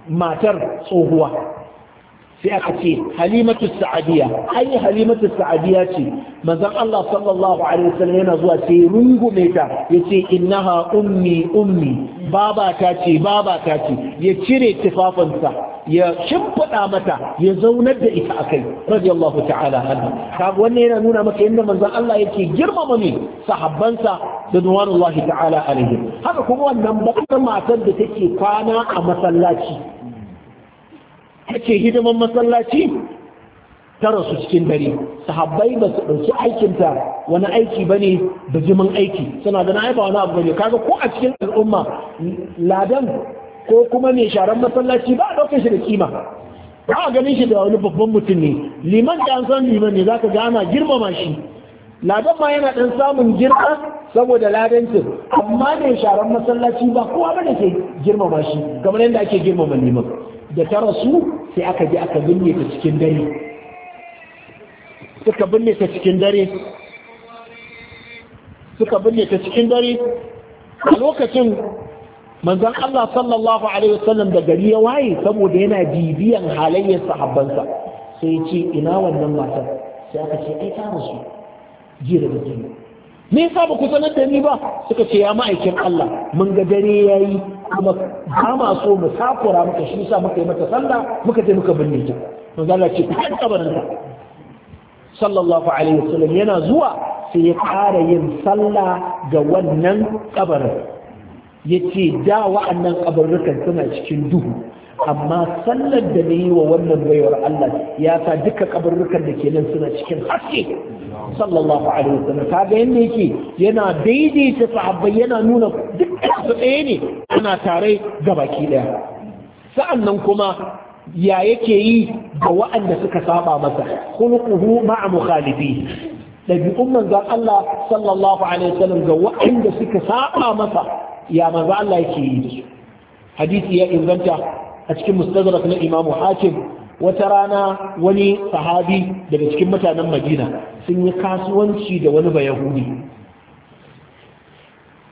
matar tsohuwa sai aka ce halimatu sa'adiyya an halimatu sa'adiyya ce manzon Allah sallallahu alaihi wasallam yana zuwa sai rungume ta yace innaha ummi ummi baba ta ce baba ta ce ya cire tufafinsa ya shimfida mata ya zaunar da ita akai radiyallahu ta'ala anha kaga wannan yana nuna maka yadda manzon Allah yake girmama ne sahabansa da duwanullahi ta'ala alaihi haka kuma wannan bakar matar da take kwana a masallaci take hidiman masallaci ta rasu cikin dare sahabbai ba su ɗauki aikinta wani aiki ba ne bijimin aiki suna da na ba wani abu ne kaga ko a cikin al'umma ladan ko kuma mai sharan masallaci ba a ɗaukar shi da kima ba a ganin shi da wani babban mutum ne liman da an san liman ne zaka ga ana girmama shi ladan ma yana ɗan samun girma saboda ladancin amma mai sharan masallaci ba kowa ba da ke girmama shi kamar yadda ake girmama liman da ta rasu sai aka je aka binne ta cikin dare suka binne ta cikin dare suka binne ta cikin dare a lokacin manzon Allah sallallahu alaihi wasallam da gari ya waye saboda yana bibiyan halayyar sahabbansa sai ce ina wannan matar sai aka ce ai ta rasu jiya da jiya me sa ba ku sanar da ni ba suka ce ya ma'aikin Allah mun ga dare yayi kuma ba ma so mu sakura muka shi yasa muka yi mata sallah muka je muka binne ta manzo Allah ce ku kabarin ta sallallahu alaihi wasallam yana zuwa sai ya fara yin sallah ga wannan kabarin yace da wa'annan kabarukan suna cikin duhu amma sallar da na yi wa wannan baiwar Allah ya sa duka kabarrukan da ke nan suna cikin haske sallallahu alaihi wasallam ta ga yanda yake yana daidaita sahabbai yana nuna dukkan su ɗaya ne ana tare gabaki ɗaya Sa'an nan kuma ya yake yi ga wa'anda suka saba masa khuluquhu ma'a mukhalifi ɗabi'un manzon Allah sallallahu alaihi sallam ga wa'anda suka saba masa ya manzon Allah yake yi hadisi ya inganta a cikin mustadrak na imamu hakim wata rana wani sahabi daga cikin mutanen madina sun yi kasuwanci da wani bayahudi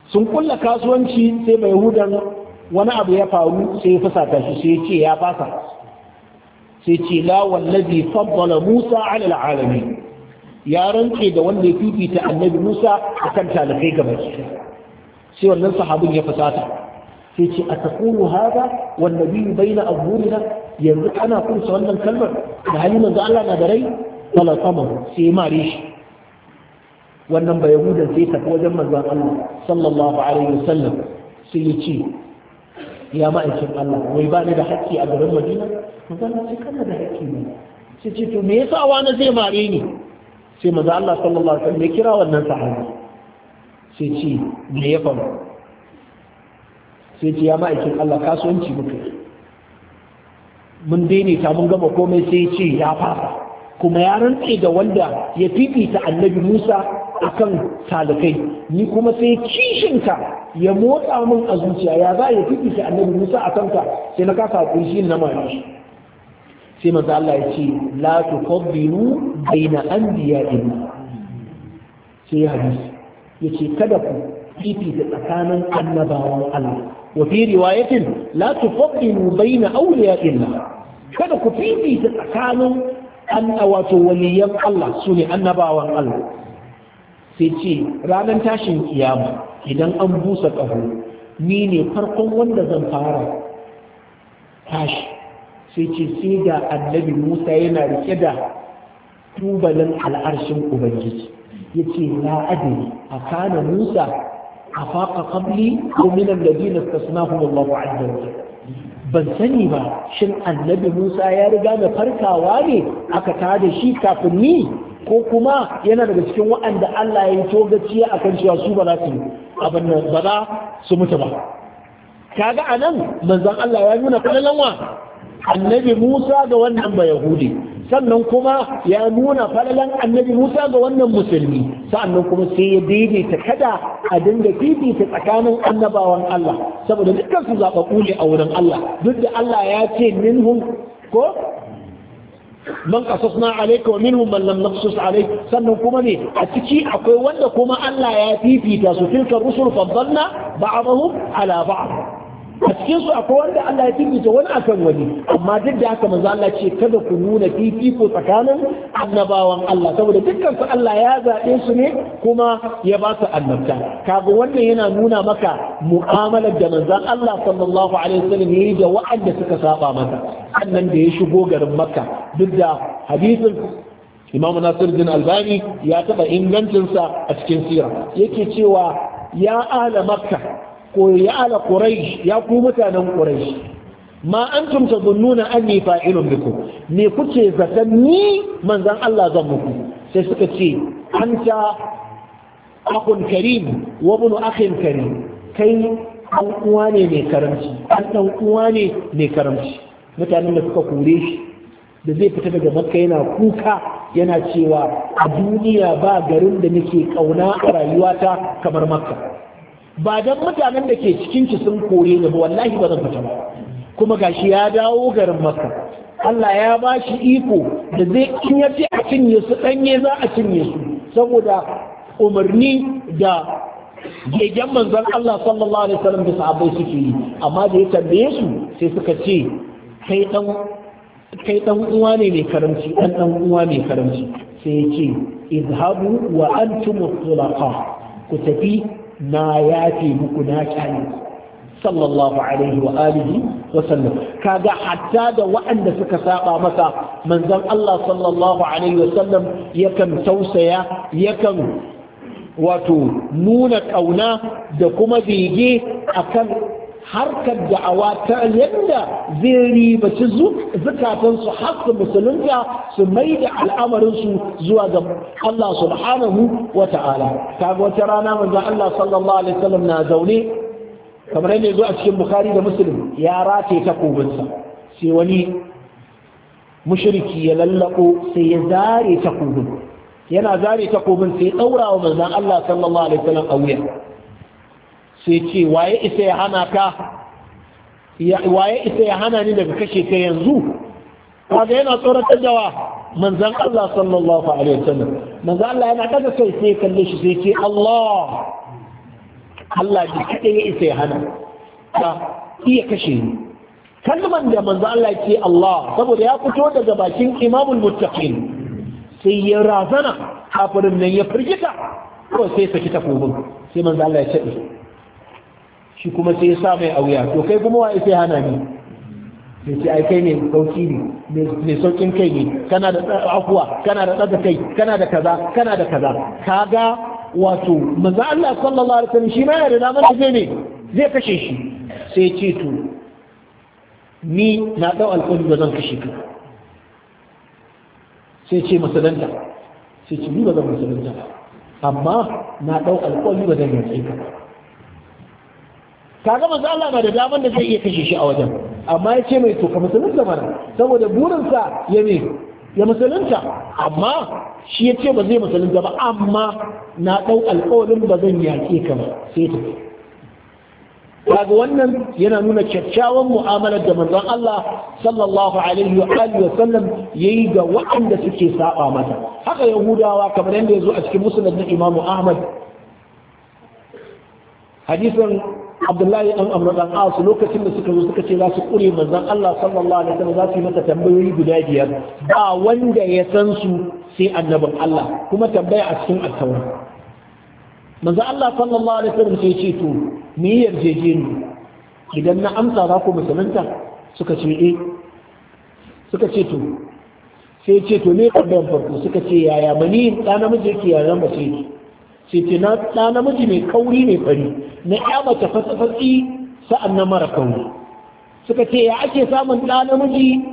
sun kulla kasuwanci sai bayahudan wani abu ya faru sai ya fusata shi sai ce ya fasa sai ce la wallazi faddala musa ala alamin ya rantse da wanda ya fifita annabi musa akan talakai gaba sai wannan sahabin ya fusata sai ce a takulu haza wanda biyu bai na na yanzu ana kursa wannan kalmar da hali manzo Allah na da rai fala samahu sai mare shi wannan ba yahudan sai tafi wajen manzon Allah sallallahu alaihi wasallam sai ya ce ya ma'aikin Allah wai ba ni da haƙƙi a garin Madina manzon Allah sai kana da haƙƙi ne sai ce to me yasa wani zai mare ni sai manzon Allah sallallahu alaihi wasallam ya kira wannan sahabi sai ce me ya faru sai ce ya ma'aikin Allah kasuwanci muka mun ta mun gama komai sai ce ya fasa kuma ya rantse da wanda ya fifita annabi Musa akan talakai ni kuma sai kishinka ya motsa min a zuciya ya za ya fifita annabi Musa akan ka sai na kasa hakuri shi na mari sai manzo Allah ya ce la tufaddilu baina anbiya'in sai hadisi yace kada ku fifita tsakanin annabawan Allah wa fi riwayatin la tufaddilu baina awliya'illah kada ku fifita tsakanin an wato waliyan Allah su annabawan Allah sai ce ranar tashin kiyama idan an busa ƙaho ni ne farkon wanda zan fara tashi sai ce sai ga annabi Musa yana rike da tubalin al'arshin Ubangiji Yace ce na a kana Musa afaqa qabli ko min alladhina istasnahum Allahu azza wa jalla ban sani ba shin annabi Musa ya riga da farkawa ne aka tada shi kafin ni ko kuma yana daga cikin waɗanda Allah ya yi togaciya akan cewa su ba za su abin nan ba za su mutu ba kaga anan manzon Allah ya nuna kullalan wa annabi Musa ga wannan ba Yahudi sannan kuma ya nuna falalan annabi Musa ga wannan musulmi sannan kuma sai ya daidaita kada a dinga fifita tsakanin annabawan Allah saboda dukkan su zaɓa ne a wurin Allah duk da Allah ya ce minhum ko man qasasna alayka wa minhum man lam naqsus alayk sannan kuma ne a ciki akwai wanda kuma Allah ya fifita su tilka rusul faddalna ba'dahum ala ba'd a cikin su akwai wanda Allah ya fifita wani akan wani amma duk da haka manzo Allah ce kada ku nuna fifiko tsakanin annabawan Allah saboda dukkan su Allah ya zaɓe su ne kuma ya ba su annabta kaga wannan yana nuna maka mu'amalar da manzon Allah sallallahu alaihi wasallam yayi da wa'anda suka saba masa annan da ya shigo garin Makka duk da hadisin Imam Nasiruddin Albani ya taɓa ingancinsa a cikin sira yake cewa ya ahla Makka koyi ya ala quraish ya ku mutanen quraish ma antum tazunnuna anni fa'ilun bikum me kuke zaton ni manzan Allah zan muku sai suka ce anta akun karim wa ibn akhin karim kai an uwa ne mai karamci an dan uwa ne mai karamci mutanen da suka kore shi da zai fita daga makka yana kuka yana cewa a duniya ba garin da nake kauna a rayuwata kamar makka ba don mutanen da ke cikin ki sun kore ni ba wallahi ba zan fita ba kuma gashi ya dawo garin Makka Allah ya ba shi iko da zai in a cinye su danye za a cinye su saboda umarni da gegen manzon Allah sallallahu alaihi wasallam da sahabbai suke yi amma da ya tambaye su sai suka ce kai dan kai dan uwa ne mai karamci dan dan uwa mai karamci sai ya ce izhabu wa antum tulaqa ku tafi na yafe muku na kyale sallallahu alaihi wa alihi wa sallam kaga hatta da waɗanda suka saba masa manzon Allah sallallahu alaihi wa sallam yakan tausaya yakan wato nuna kauna da kuma bege akan harkar da'awa ta yadda zai riba ribaci zukatansu har su musulunta su mai da al'amarinsu zuwa ga Allah subhanahu wa ta'ala kaga wata rana manzon Allah sallallahu alaihi wasallam na zaune kamar yadda a cikin bukari da musulun. ya rataye takobinsa sai wani mushriki ya lallako sai ya zare takobin yana zare takobin sai ya daura wa manzon Allah sallallahu alaihi wasallam a wuya sai ce waye isa ya hana ka waye isa ya hana ni daga kashe ka yanzu kaga yana tsoratar da wa manzan Allah sallallahu alaihi wasallam manzan Allah yana kada sai sai kalle shi sai ce Allah Allah ji kada ya isa ya hana ka iya kashe ni kalman da manzan Allah ya ce Allah saboda ya fito daga bakin imamul muttaqin sai ya razana kafirin nan ya firgita ko sai saki takobin sai manzan Allah ya ce shi kuma sai ya sa mai a wuya to kai kuma wa sai hana ni sai ce ai kai ne sauki ne mai saukin kai ne kana da afuwa kana da ɗaga kai kana da kaza kana da kaza Ka ga wato Maza Allah sallallahu alaihi wasallam shi ma yana da damar da zai ne zai kashe shi sai ce to ni na dau alƙawari ba zan kashe ka sai ce masalanta sai ce ni ba zan masalanta amma na dau alƙawari ba zan yace ka kaga manzo Allah na da daman da zai iya kashe shi a wajen amma ya ce mai to ka musulunta mana saboda burinsa ya ne ya musulunta amma shi ya ce ba zai musulunta ba amma na ɗau alƙawarin ba zan yaƙe ka ba sai ta kaga wannan yana nuna kyakkyawan mu'amalar da manzon Allah sallallahu alaihi wa alihi wa sallam yayi ga waɗanda suke saba mata. haka yahudawa kamar yadda yazo a cikin musnad na Imam Ahmad hadisin abdullahi an amma dan as lokacin da suka zo suka ce za su kure manzon Allah sallallahu alaihi wasallam za su yi masa tambayoyi guda biyar ba wanda ya san su sai annabin Allah kuma tambaya a cikin at Manzan manzon Allah sallallahu alaihi wasallam sai ce to me ni idan na amsa za ku musulunta suka ce eh suka ce to sai ce to ne tambayar farko suka ce yaya mani dan namiji yake yaran mace sai ce na ɗa namiji mai kauri mai fari na ya mace fatsi sa'an na mara kauri suka ce ya ake samun ɗa namiji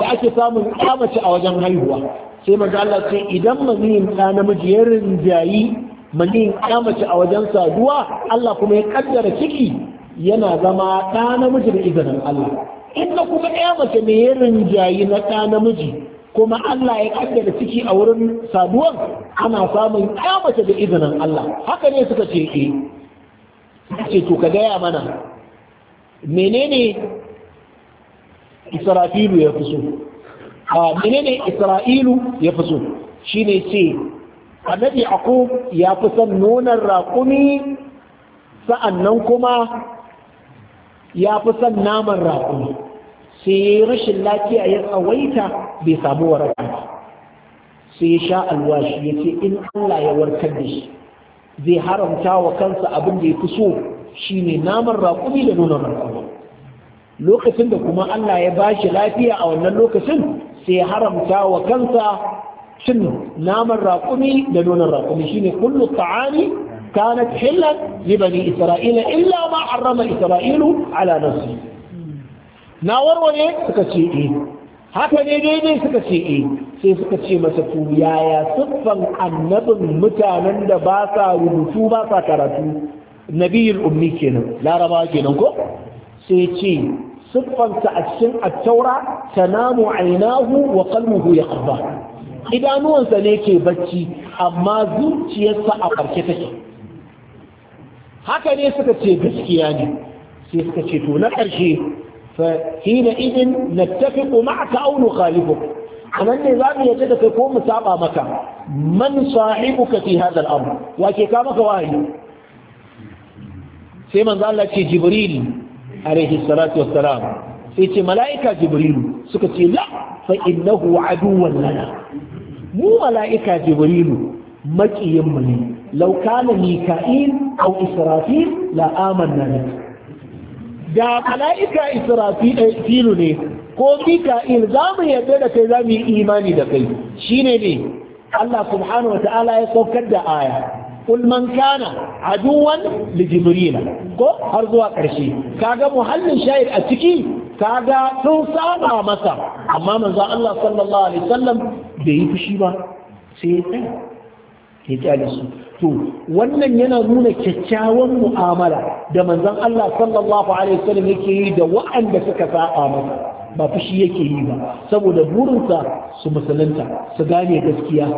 da ake samun ya mace a wajen haihuwa sai manzo Allah ce idan maniyin ɗa namiji ya rinjayi maniyin ya mace a wajen saduwa Allah kuma ya kaddara ciki yana zama ɗa namiji da izinin Allah inda kuma ya mace ne ya rinjayi na ɗa namiji kuma Allah ya kaddara ciki a wurin saduwar ana samun ya mace da izinin Allah haka ne suka ce eh ce to ka gaya mana menene isra'ilu ya fi so a ah, menene isra'ilu ya fi so shine ce annabi aku ya fi son nonon raƙumi sa'annan kuma ya fi son naman raƙumi sai ya yi rashin lafiya ya tsawaita bai samu waraka ba sai ya sha alwashi ya ce in Allah ya warkar da shi zai haramta wa kansa abin da ya fi so shine naman raƙumi da nuna raƙumi lokacin da kuma Allah ya ba shi lafiya a wannan lokacin sai ya haramta wa kansa cin naman raƙumi da nonon raƙumi shine kullu ta'ani كانت حلا لبني isra'ila illa ما Isra'ilu إسرائيل على نفسه na warware suka ce e haka ne daidai suka ce e sai suka ce masa to yaya siffan annabin mutanen da ba sa rubutu ba sa karatu nabiyul ummi kenan laraba kenan ko sai ce siffansa a cikin attaura tanamu ainahu wa qalbuhu yaqba idanuwansa ne ke bacci amma zuciyarsa a farke take haka ne suka ce gaskiya ne sai suka ce to na ƙarshe فحينئذ نتفق معك أو نخالفك أنا النظام يجدك يكون مسابع مكة من صاحبك في هذا الأمر وكيكامك واهي سيما قال لك جبريل عليه الصلاة والسلام سيتي ملائكة جبريل سكتي لا فإنه عدو لنا مو ملائكة جبريل مكي يمني لو كان ميكائيل أو إسرافيل لآمنا لا لك da mala'ika israfilu eh, ne ko mika'il za mu yadda da kai za mu yi imani da kai shine ne Allah subhanahu wa ta'ala ya saukar da aya kul man kana aduwan li jibril ko har zuwa Ka kaga muhallin shayir a ciki kaga sun saba masa amma manzo Allah sallallahu alaihi wasallam bai yi fushi ba sai ya tsaya ya tsaya su to wannan yana nuna kyakkyawan mu'amala da manzon Allah sallallahu alaihi wasallam yake yi da wa'anda suka saba masa ba fushi yake yi ba saboda burinsa su musulunta su gane gaskiya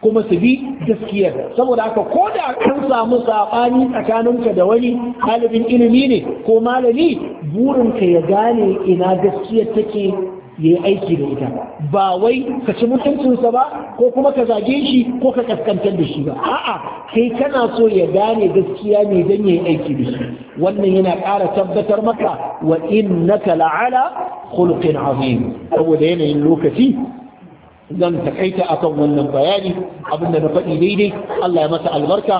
kuma su bi gaskiyar saboda haka ko da an samu saɓani tsakaninka da wani halibin ilimi ne ko malami burinka ya gane ina gaskiyar take ya yi aiki da ita ba wai ka ci mutuncinsa ba ko kuma ka zage shi ko ka kaskantar da shi ba a'a kai kana so ya gane gaskiya ne dan ya yi aiki da shi wannan yana ƙara tabbatar maka wa innaka la'ala khuluqin azim saboda yanayin lokaci zan takaita akan wannan bayani abinda na faɗi daidai Allah ya masa albarka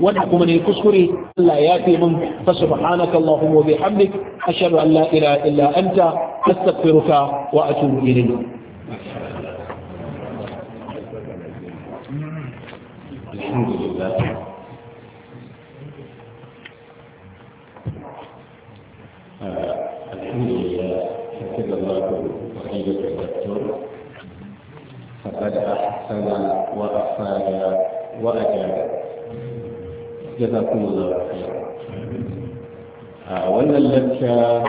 وادعك من الكسكري لا ياتي منك فسبحانك اللهم وبحمدك اشهد ان لا اله الا انت استغفرك واتوب اليك الحمد لله آه، الحمد لله حفظ الله وحيدك jazakumullahu khairan a wannan lacca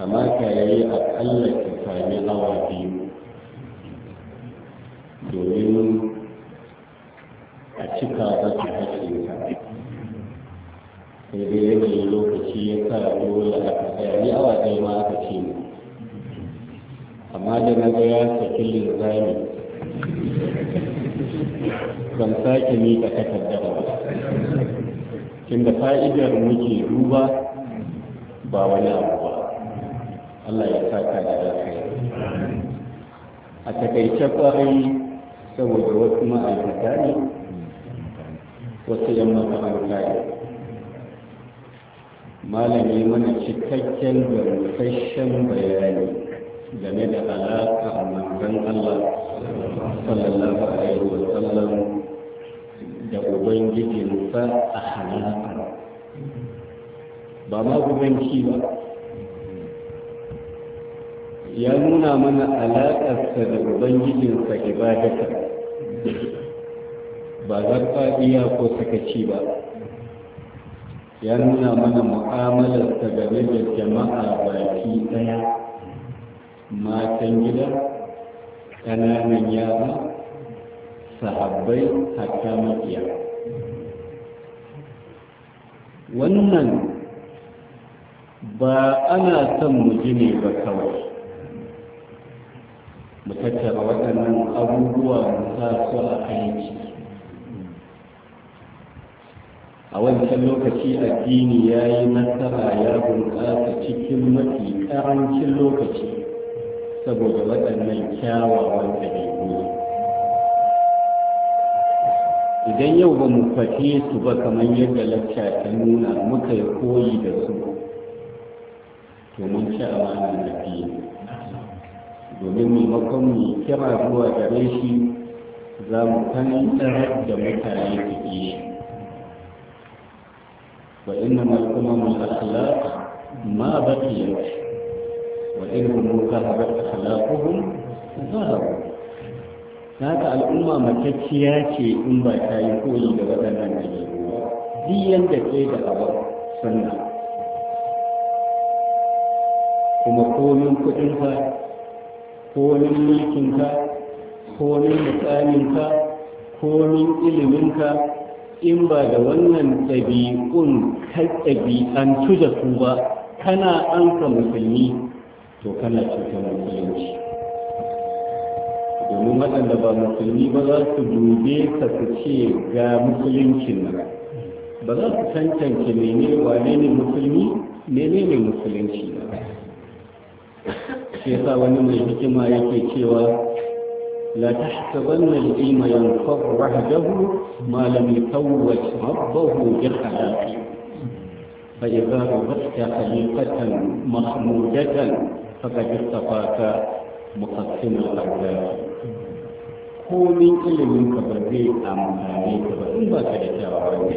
kamata ya yi akalla ki sami awa biyu domin a cika ba zaki hakinka sai dai yanayin lokaci ya sa dole aka tsaya ni awa ɗaya ma aka ce mu amma da na ga ya saki linzami ban sake miƙa takardar ba inda fa'idar muke duba ba wani abu ba Allah ya saka da lafiya a takaice kwarai saboda wasu ma'aikata wasu yan makaranta ne malami mana cikakken da bayani game da alaƙa a manzan Allah sallallahu alaihi ba a halakar ba ma gubanci ba ya nuna mana alaƙarsa da ubangijinsa ibadata ba iya ko sakaci ba ya nuna mana mu'amalarsa game da jama'a baki ɗaya matan gida ƙananan yara sahabbai hatta maƙiya wannan ba ana son mu ji ne ba kawai mu tattara waɗannan abubuwa mu sa su a aiki a wancan lokaci addini ya yi nasara ya bunƙasa cikin mafi ƙarancin lokaci saboda waɗannan kyawawan ɗabi'u idan yau ba mu fate su ba kamar yadda lacca ta nuna muka yi koyi da su to mun ci amana na biyu. domin maimakon mu kira zuwa gare shi za mu kantar da mutane su ke shi wa inna kuma mu akhlaq ma baqiyat wa in mu? kahabat akhlaquhum zahabu haka al'umma matacciya ce in ba ta yi koyi da waɗannan ɗabi'u ba duk yadda ke da abu sunna kuma komin kuɗinka komin mulkinka komin mutaninka komin iliminka in ba da wannan ɗabi'un ka ɗabi'antu da su ba kana an musulmi to kana cutar musulunci domin waɗanda ba musulmi ba za su dube ka su ce ga musuluncin nan ba za su tantance mene wane ne musulmi mene ne musulunci ba shi yasa wani mai hikima yake cewa la tahsabanna al-ilma yanfa'u wahdahu ma lam yutawwaj rabbahu bi khalaqi fa idza rabbatka khaliqatan mahmudatan faqad istafaka muqassim al-awdad komin ilimin ka ba zai amfani ka ba in ba ka da kyawawan ne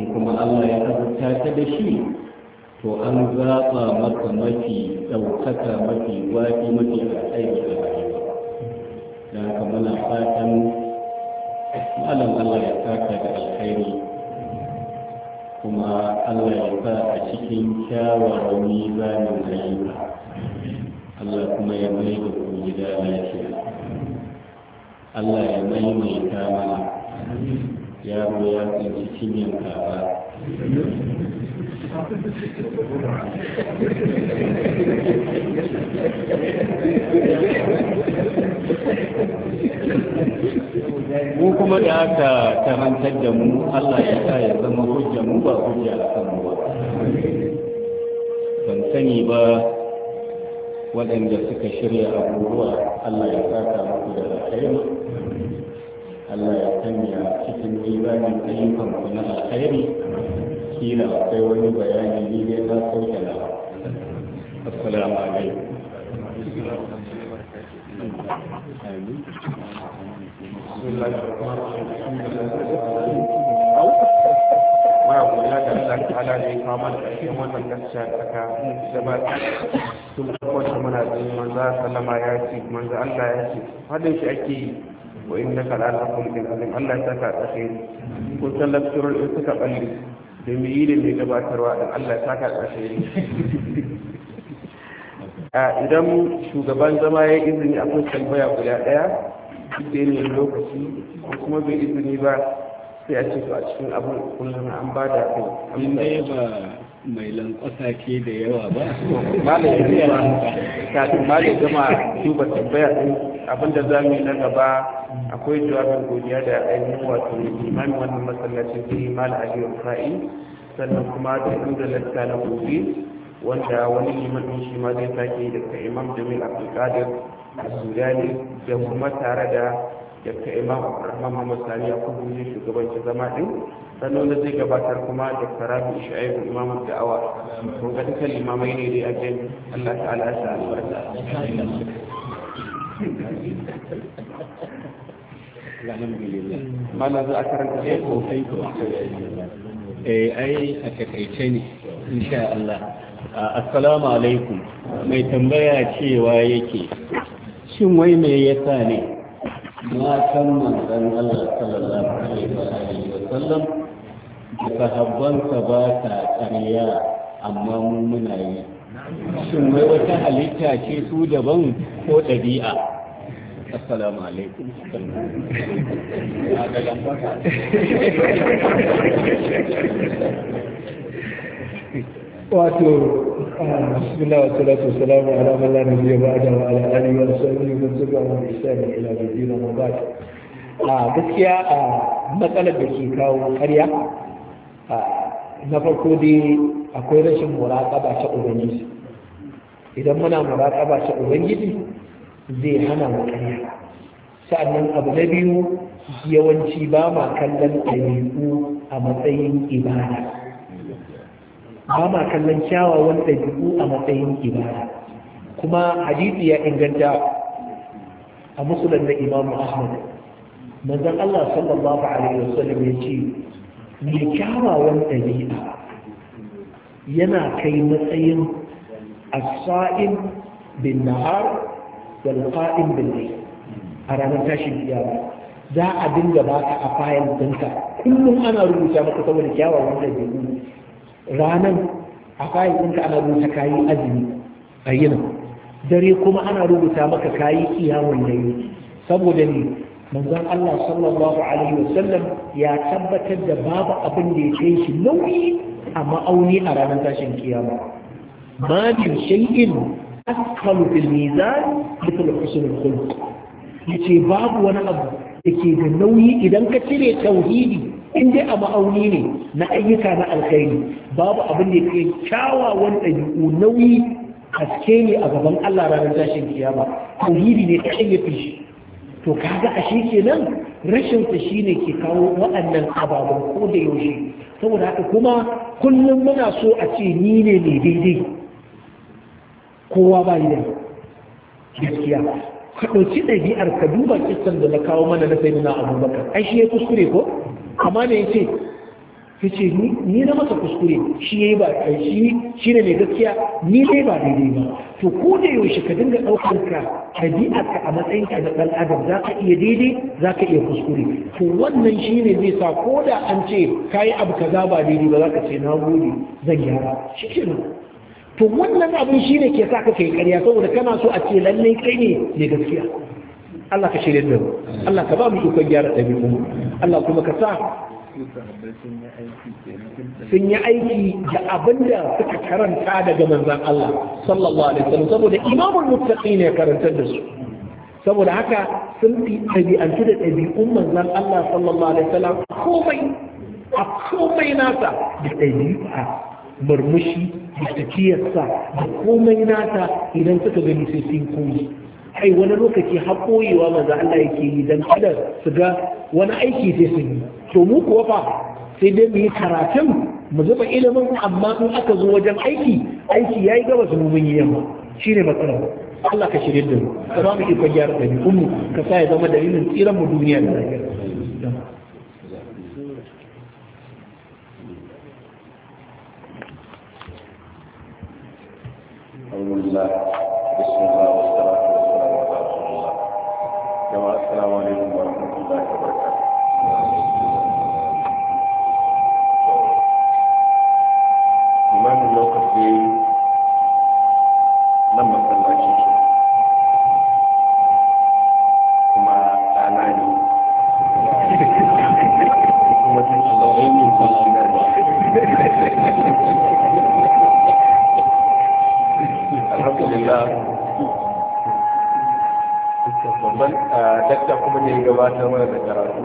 in kuma Allah ya azurta ta da shi to an zaɓa maka mafi ɗaukaka mafi wafi mafi alƙairi da rayuwa don haka muna fatan malam Allah ya saka da alkhairi kuma Allah ya sa a cikin kyawawan mizanin rayuwa Allah kuma ya mai da ku gida lafiya Allah ya mai mai mana yaro ya tsinci cinyin kaza mu kuma da aka tarantar da mu Allah ya sa ya zama hujja mu ba hujja a kan ba ban sani ba waɗanda suka shirya abubuwa Allah ya saka muku da alkhairi Allah ya sanya cikin mizanin ayyukan ku na alkhairi kila akwai wani bayani ni dai na sauke na assalamu alaikum Allah ta'ala da ya kawo mana ƙarshen wannan gaskiya da aka gabata tun farko muna da manzo sallama ya ce manzo Allah ya ce hadin shi ake yi wa innaka la taqul azim Allah ya saka alkhairi kun san lecturer in suka balli da me yi da me gabatarwa dan Allah ya saka alkhairi a idan shugaban zama ya yi izini akwai tambaya guda ɗaya, duk da yanayin lokaci ko kuma bai izini ba sai a ce to a cikin abin kullum an ba da kai in dai ba mai lankwasa ke da yawa ba da ya ba da gama duba tambaya din abin da mu yi na gaba akwai jawabin godiya da ainihin wato imamin wannan masallacin sai malam aliyu fa'i sannan kuma da inda lakta na gobe wanda wani liman din shi ma zai sake daga imam jamil abdulkadir a sudani da kuma tare da Dakta imam rahman muhammad sani ya kuma yi shugabanci zama din sannan wanda zai gabatar kuma dr rabi shaibu imam da'awa kun ga dukkan limamai ne dai a jan allah ta'ala ala sa albarka mana za a karanta ɗaya eh, ko eh ai a takaice ne insha Allah assalamu alaikum mai tambaya cewa yake shin wai me yasa ne matan manzan Allah sallallahu alaihi wa alihi wa sallam da sahabbansa ba ta ƙarya amma mu muna yi shin wai wata halitta ce su daban ko ɗabi'a assalamu alaikum wato بسم الله والصلاة والسلام على من لا نبي بعده وعلى آله وصحبه ومن تبعهم بإحسان إلى الدين وبعد a gaskiya a matsalar da ke kawo karya na farko dai akwai rashin muraƙaba ta ubangiji idan muna muraƙaba ta ubangiji zai hana mu karya sa'annan abu na biyu yawanci ba ma kallon ɗabi'u a matsayin ibada ba ma kallon kyawawan ɗabi'u a matsayin ibada kuma hadisi ya inganta a musulun da imamu ahmad manzon allah sallallahu alaihi wasallam ya ce mai kyawawan ɗabi'a yana kai matsayin asa'in bin nahar wal qa'im a ranar tashin kiyama za a dinga baka a fayil dinka kullum ana rubuta maka saboda kyawawan ɗabi'u ranan a fayil ɗinka ana rubuta kayi azumi a yinin dare kuma ana rubuta maka kayi kiyamun yi saboda ne manzon Allah sallallahu alaihi wasallam ya tabbatar da babu abin da ya kai shi nauyi a ma'auni a ranar tashin kiyama ma min shay'in askalu fil mizan mithl husn al khuluq yace babu wani abu da ke da nauyi idan ka cire tauhidi in dai a ma'auni ne na ayyuka na alkhairi babu abin da yake kyawawan ɗabi'u nauyi haske ne a gaban Allah ranar tashin kiyama tauhidi ne ta ayyafi shi to kaga ashe kenan rashin sa shine ke kawo waɗannan ababen ko da yaushe saboda haka kuma kullum muna so a ce ni ne mai daidai kowa ba da gaskiya ka ɗauki ɗabi'ar ka duba kisan da na kawo mana na sayi na abubakar ai shi ya kuskure ko amma me yace yace ni na masa kuskure shi ba shi shine mai gaskiya ni dai ba daidai ba to ko da yaushe ka dinga daukar ka a matsayin ka da dan adam ka iya daidai za ka iya kuskure to wannan shine zai sa ko da an ce kai abu kaza ba daidai ba za ka ce na gode zan gyara shi to wannan abin shine ke sa ka kai ƙarya saboda kana so a ce lallai kai ne mai gaskiya Allah ka shirya da mu Allah ka ba mu ikon gyara ɗabi'u Allah kuma ka sa sun yi aiki da abinda suka karanta daga manzan Allah sallallahu alaihi wasallam saboda imamul muttaqi ne karantar da su saboda haka sun fi ɗabi'antu da ɗabi'un manzan Allah sallallahu alaihi wasallam komai a komai nasa da ɗabi'a murmushi da tafiyarsa da komai nasa idan suka gani sai sun koyi kai wani lokaci haƙoyewa maza Allah yake yi don kada su ga wani aiki sai su yi to mu kuwa fa sai dai mu yi karatun mu zuba ilimin amma in aka zo wajen aiki aiki yayi gaba su mun yi yamma shine matsalar Allah ka shirye da ka ba mu iko gyara da mu ka sa ya zama dalilin tsiran mu duniya da lahira jama'a assalamu alaikum wa rahmatullahi wa barakatuh lokaci nan masallaci ke kuma ɗana ne kuma ba alhamdulillah babban dakta kuma ne gabatar mana da karatu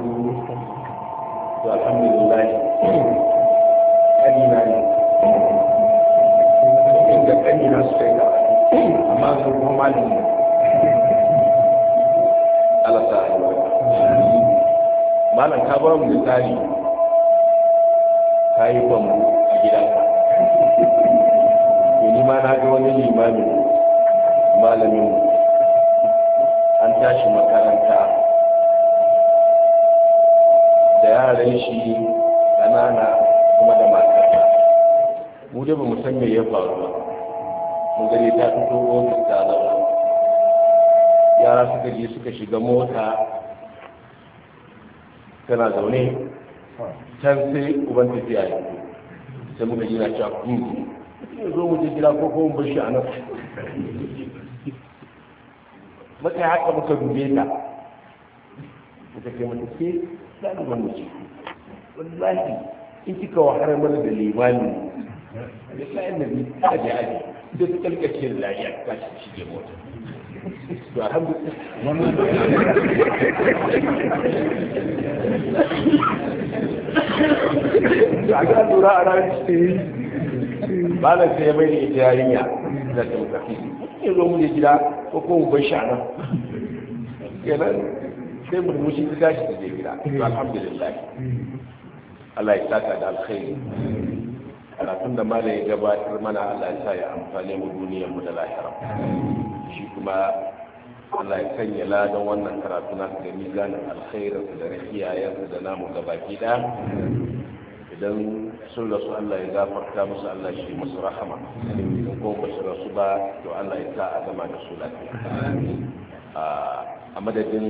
to alhamdulillah kanina ne inda kanina su kai karatu amma su kuma malin ne alasa malam ka ba mu misali ka yi bambu a gidanka to ma na ga wani limamin malamin mu tashi makaranta da yaran shi ƙanana kuma da matarsa mu dai ba mu san me ya faru ba mun gani ta fito ofis ta zama yara suka je suka shiga mota tana zaune can sai uban tafiya ya sai muka jira cewa kun hmm, zo mu je gina ko kuma bashi a nan muka haka muka dube ta da ce mata ke ɗaliban mu ce wallahi in kika wahalar mana da limani da sa'in da biyu ta da aji duk su kalkashe da lafiya ta shi ke mota to alhamdulillah a ga dura a ranar ce ba na sai mai da ita da ta mutafi in zo mu ne gida ko kuma ban sha nan kenan sai murmushi ta tashi da je gida alhamdulillah Allah ya saka da alkhairi da mala ya gabatar mana Allah ya sa ya amfane mu duniyar mu da lahira shi kuma Allah ya sanya ladan wannan karatu na da mizanin alkhairin da rahiyayen da namu gaba gida idan sun rasu Allah ya gafarta musu Allah shi musu rahama idan ko ba su rasu ba to Allah ya ta'a gama da su lafiya a madadin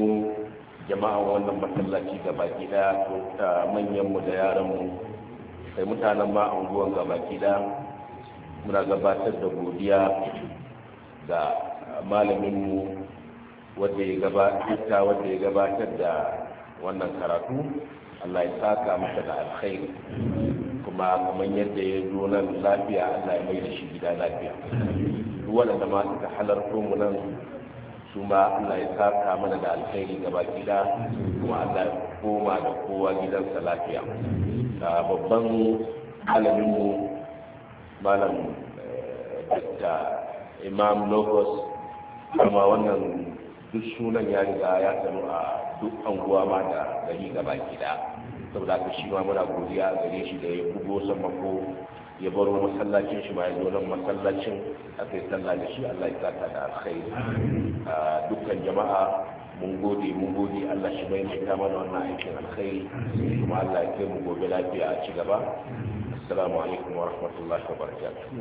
jama'a wannan masallaci gaba gida manyan mu da yaran mu sai mutanen ma unguwan gaba gida muna gabatar da godiya ga malamin mu wanda ya gabatar da wannan karatu Allah ya saka masa da alkhairi kuma kamar yadda ya zo nan lafiya Allah ya mai da shi gida lafiya waɗanda ma suka halarto mu nan su ma Allah ya saka mana da alkhairi gaba gida kuma Allah ya koma da kowa gidansa lafiya babban mu malam eh, da imam logos kuma wannan duk sunan ya riga ya sanu a duk anguwa ma da gari gaba gida saboda ka shi ma muna godiya a gare shi da ya bugo samako ya baro masallacin shi ma ya zo masallacin a kai sallah da shi Allah ya saka da alkhairi ah, dukkan jama'a mun gode mun gode Allah shi bai mai kama da wannan aikin alkhairi kuma Allah ya kai mu gobe lafiya a ci gaba assalamu alaikum wa rahmatullahi wa barakatuh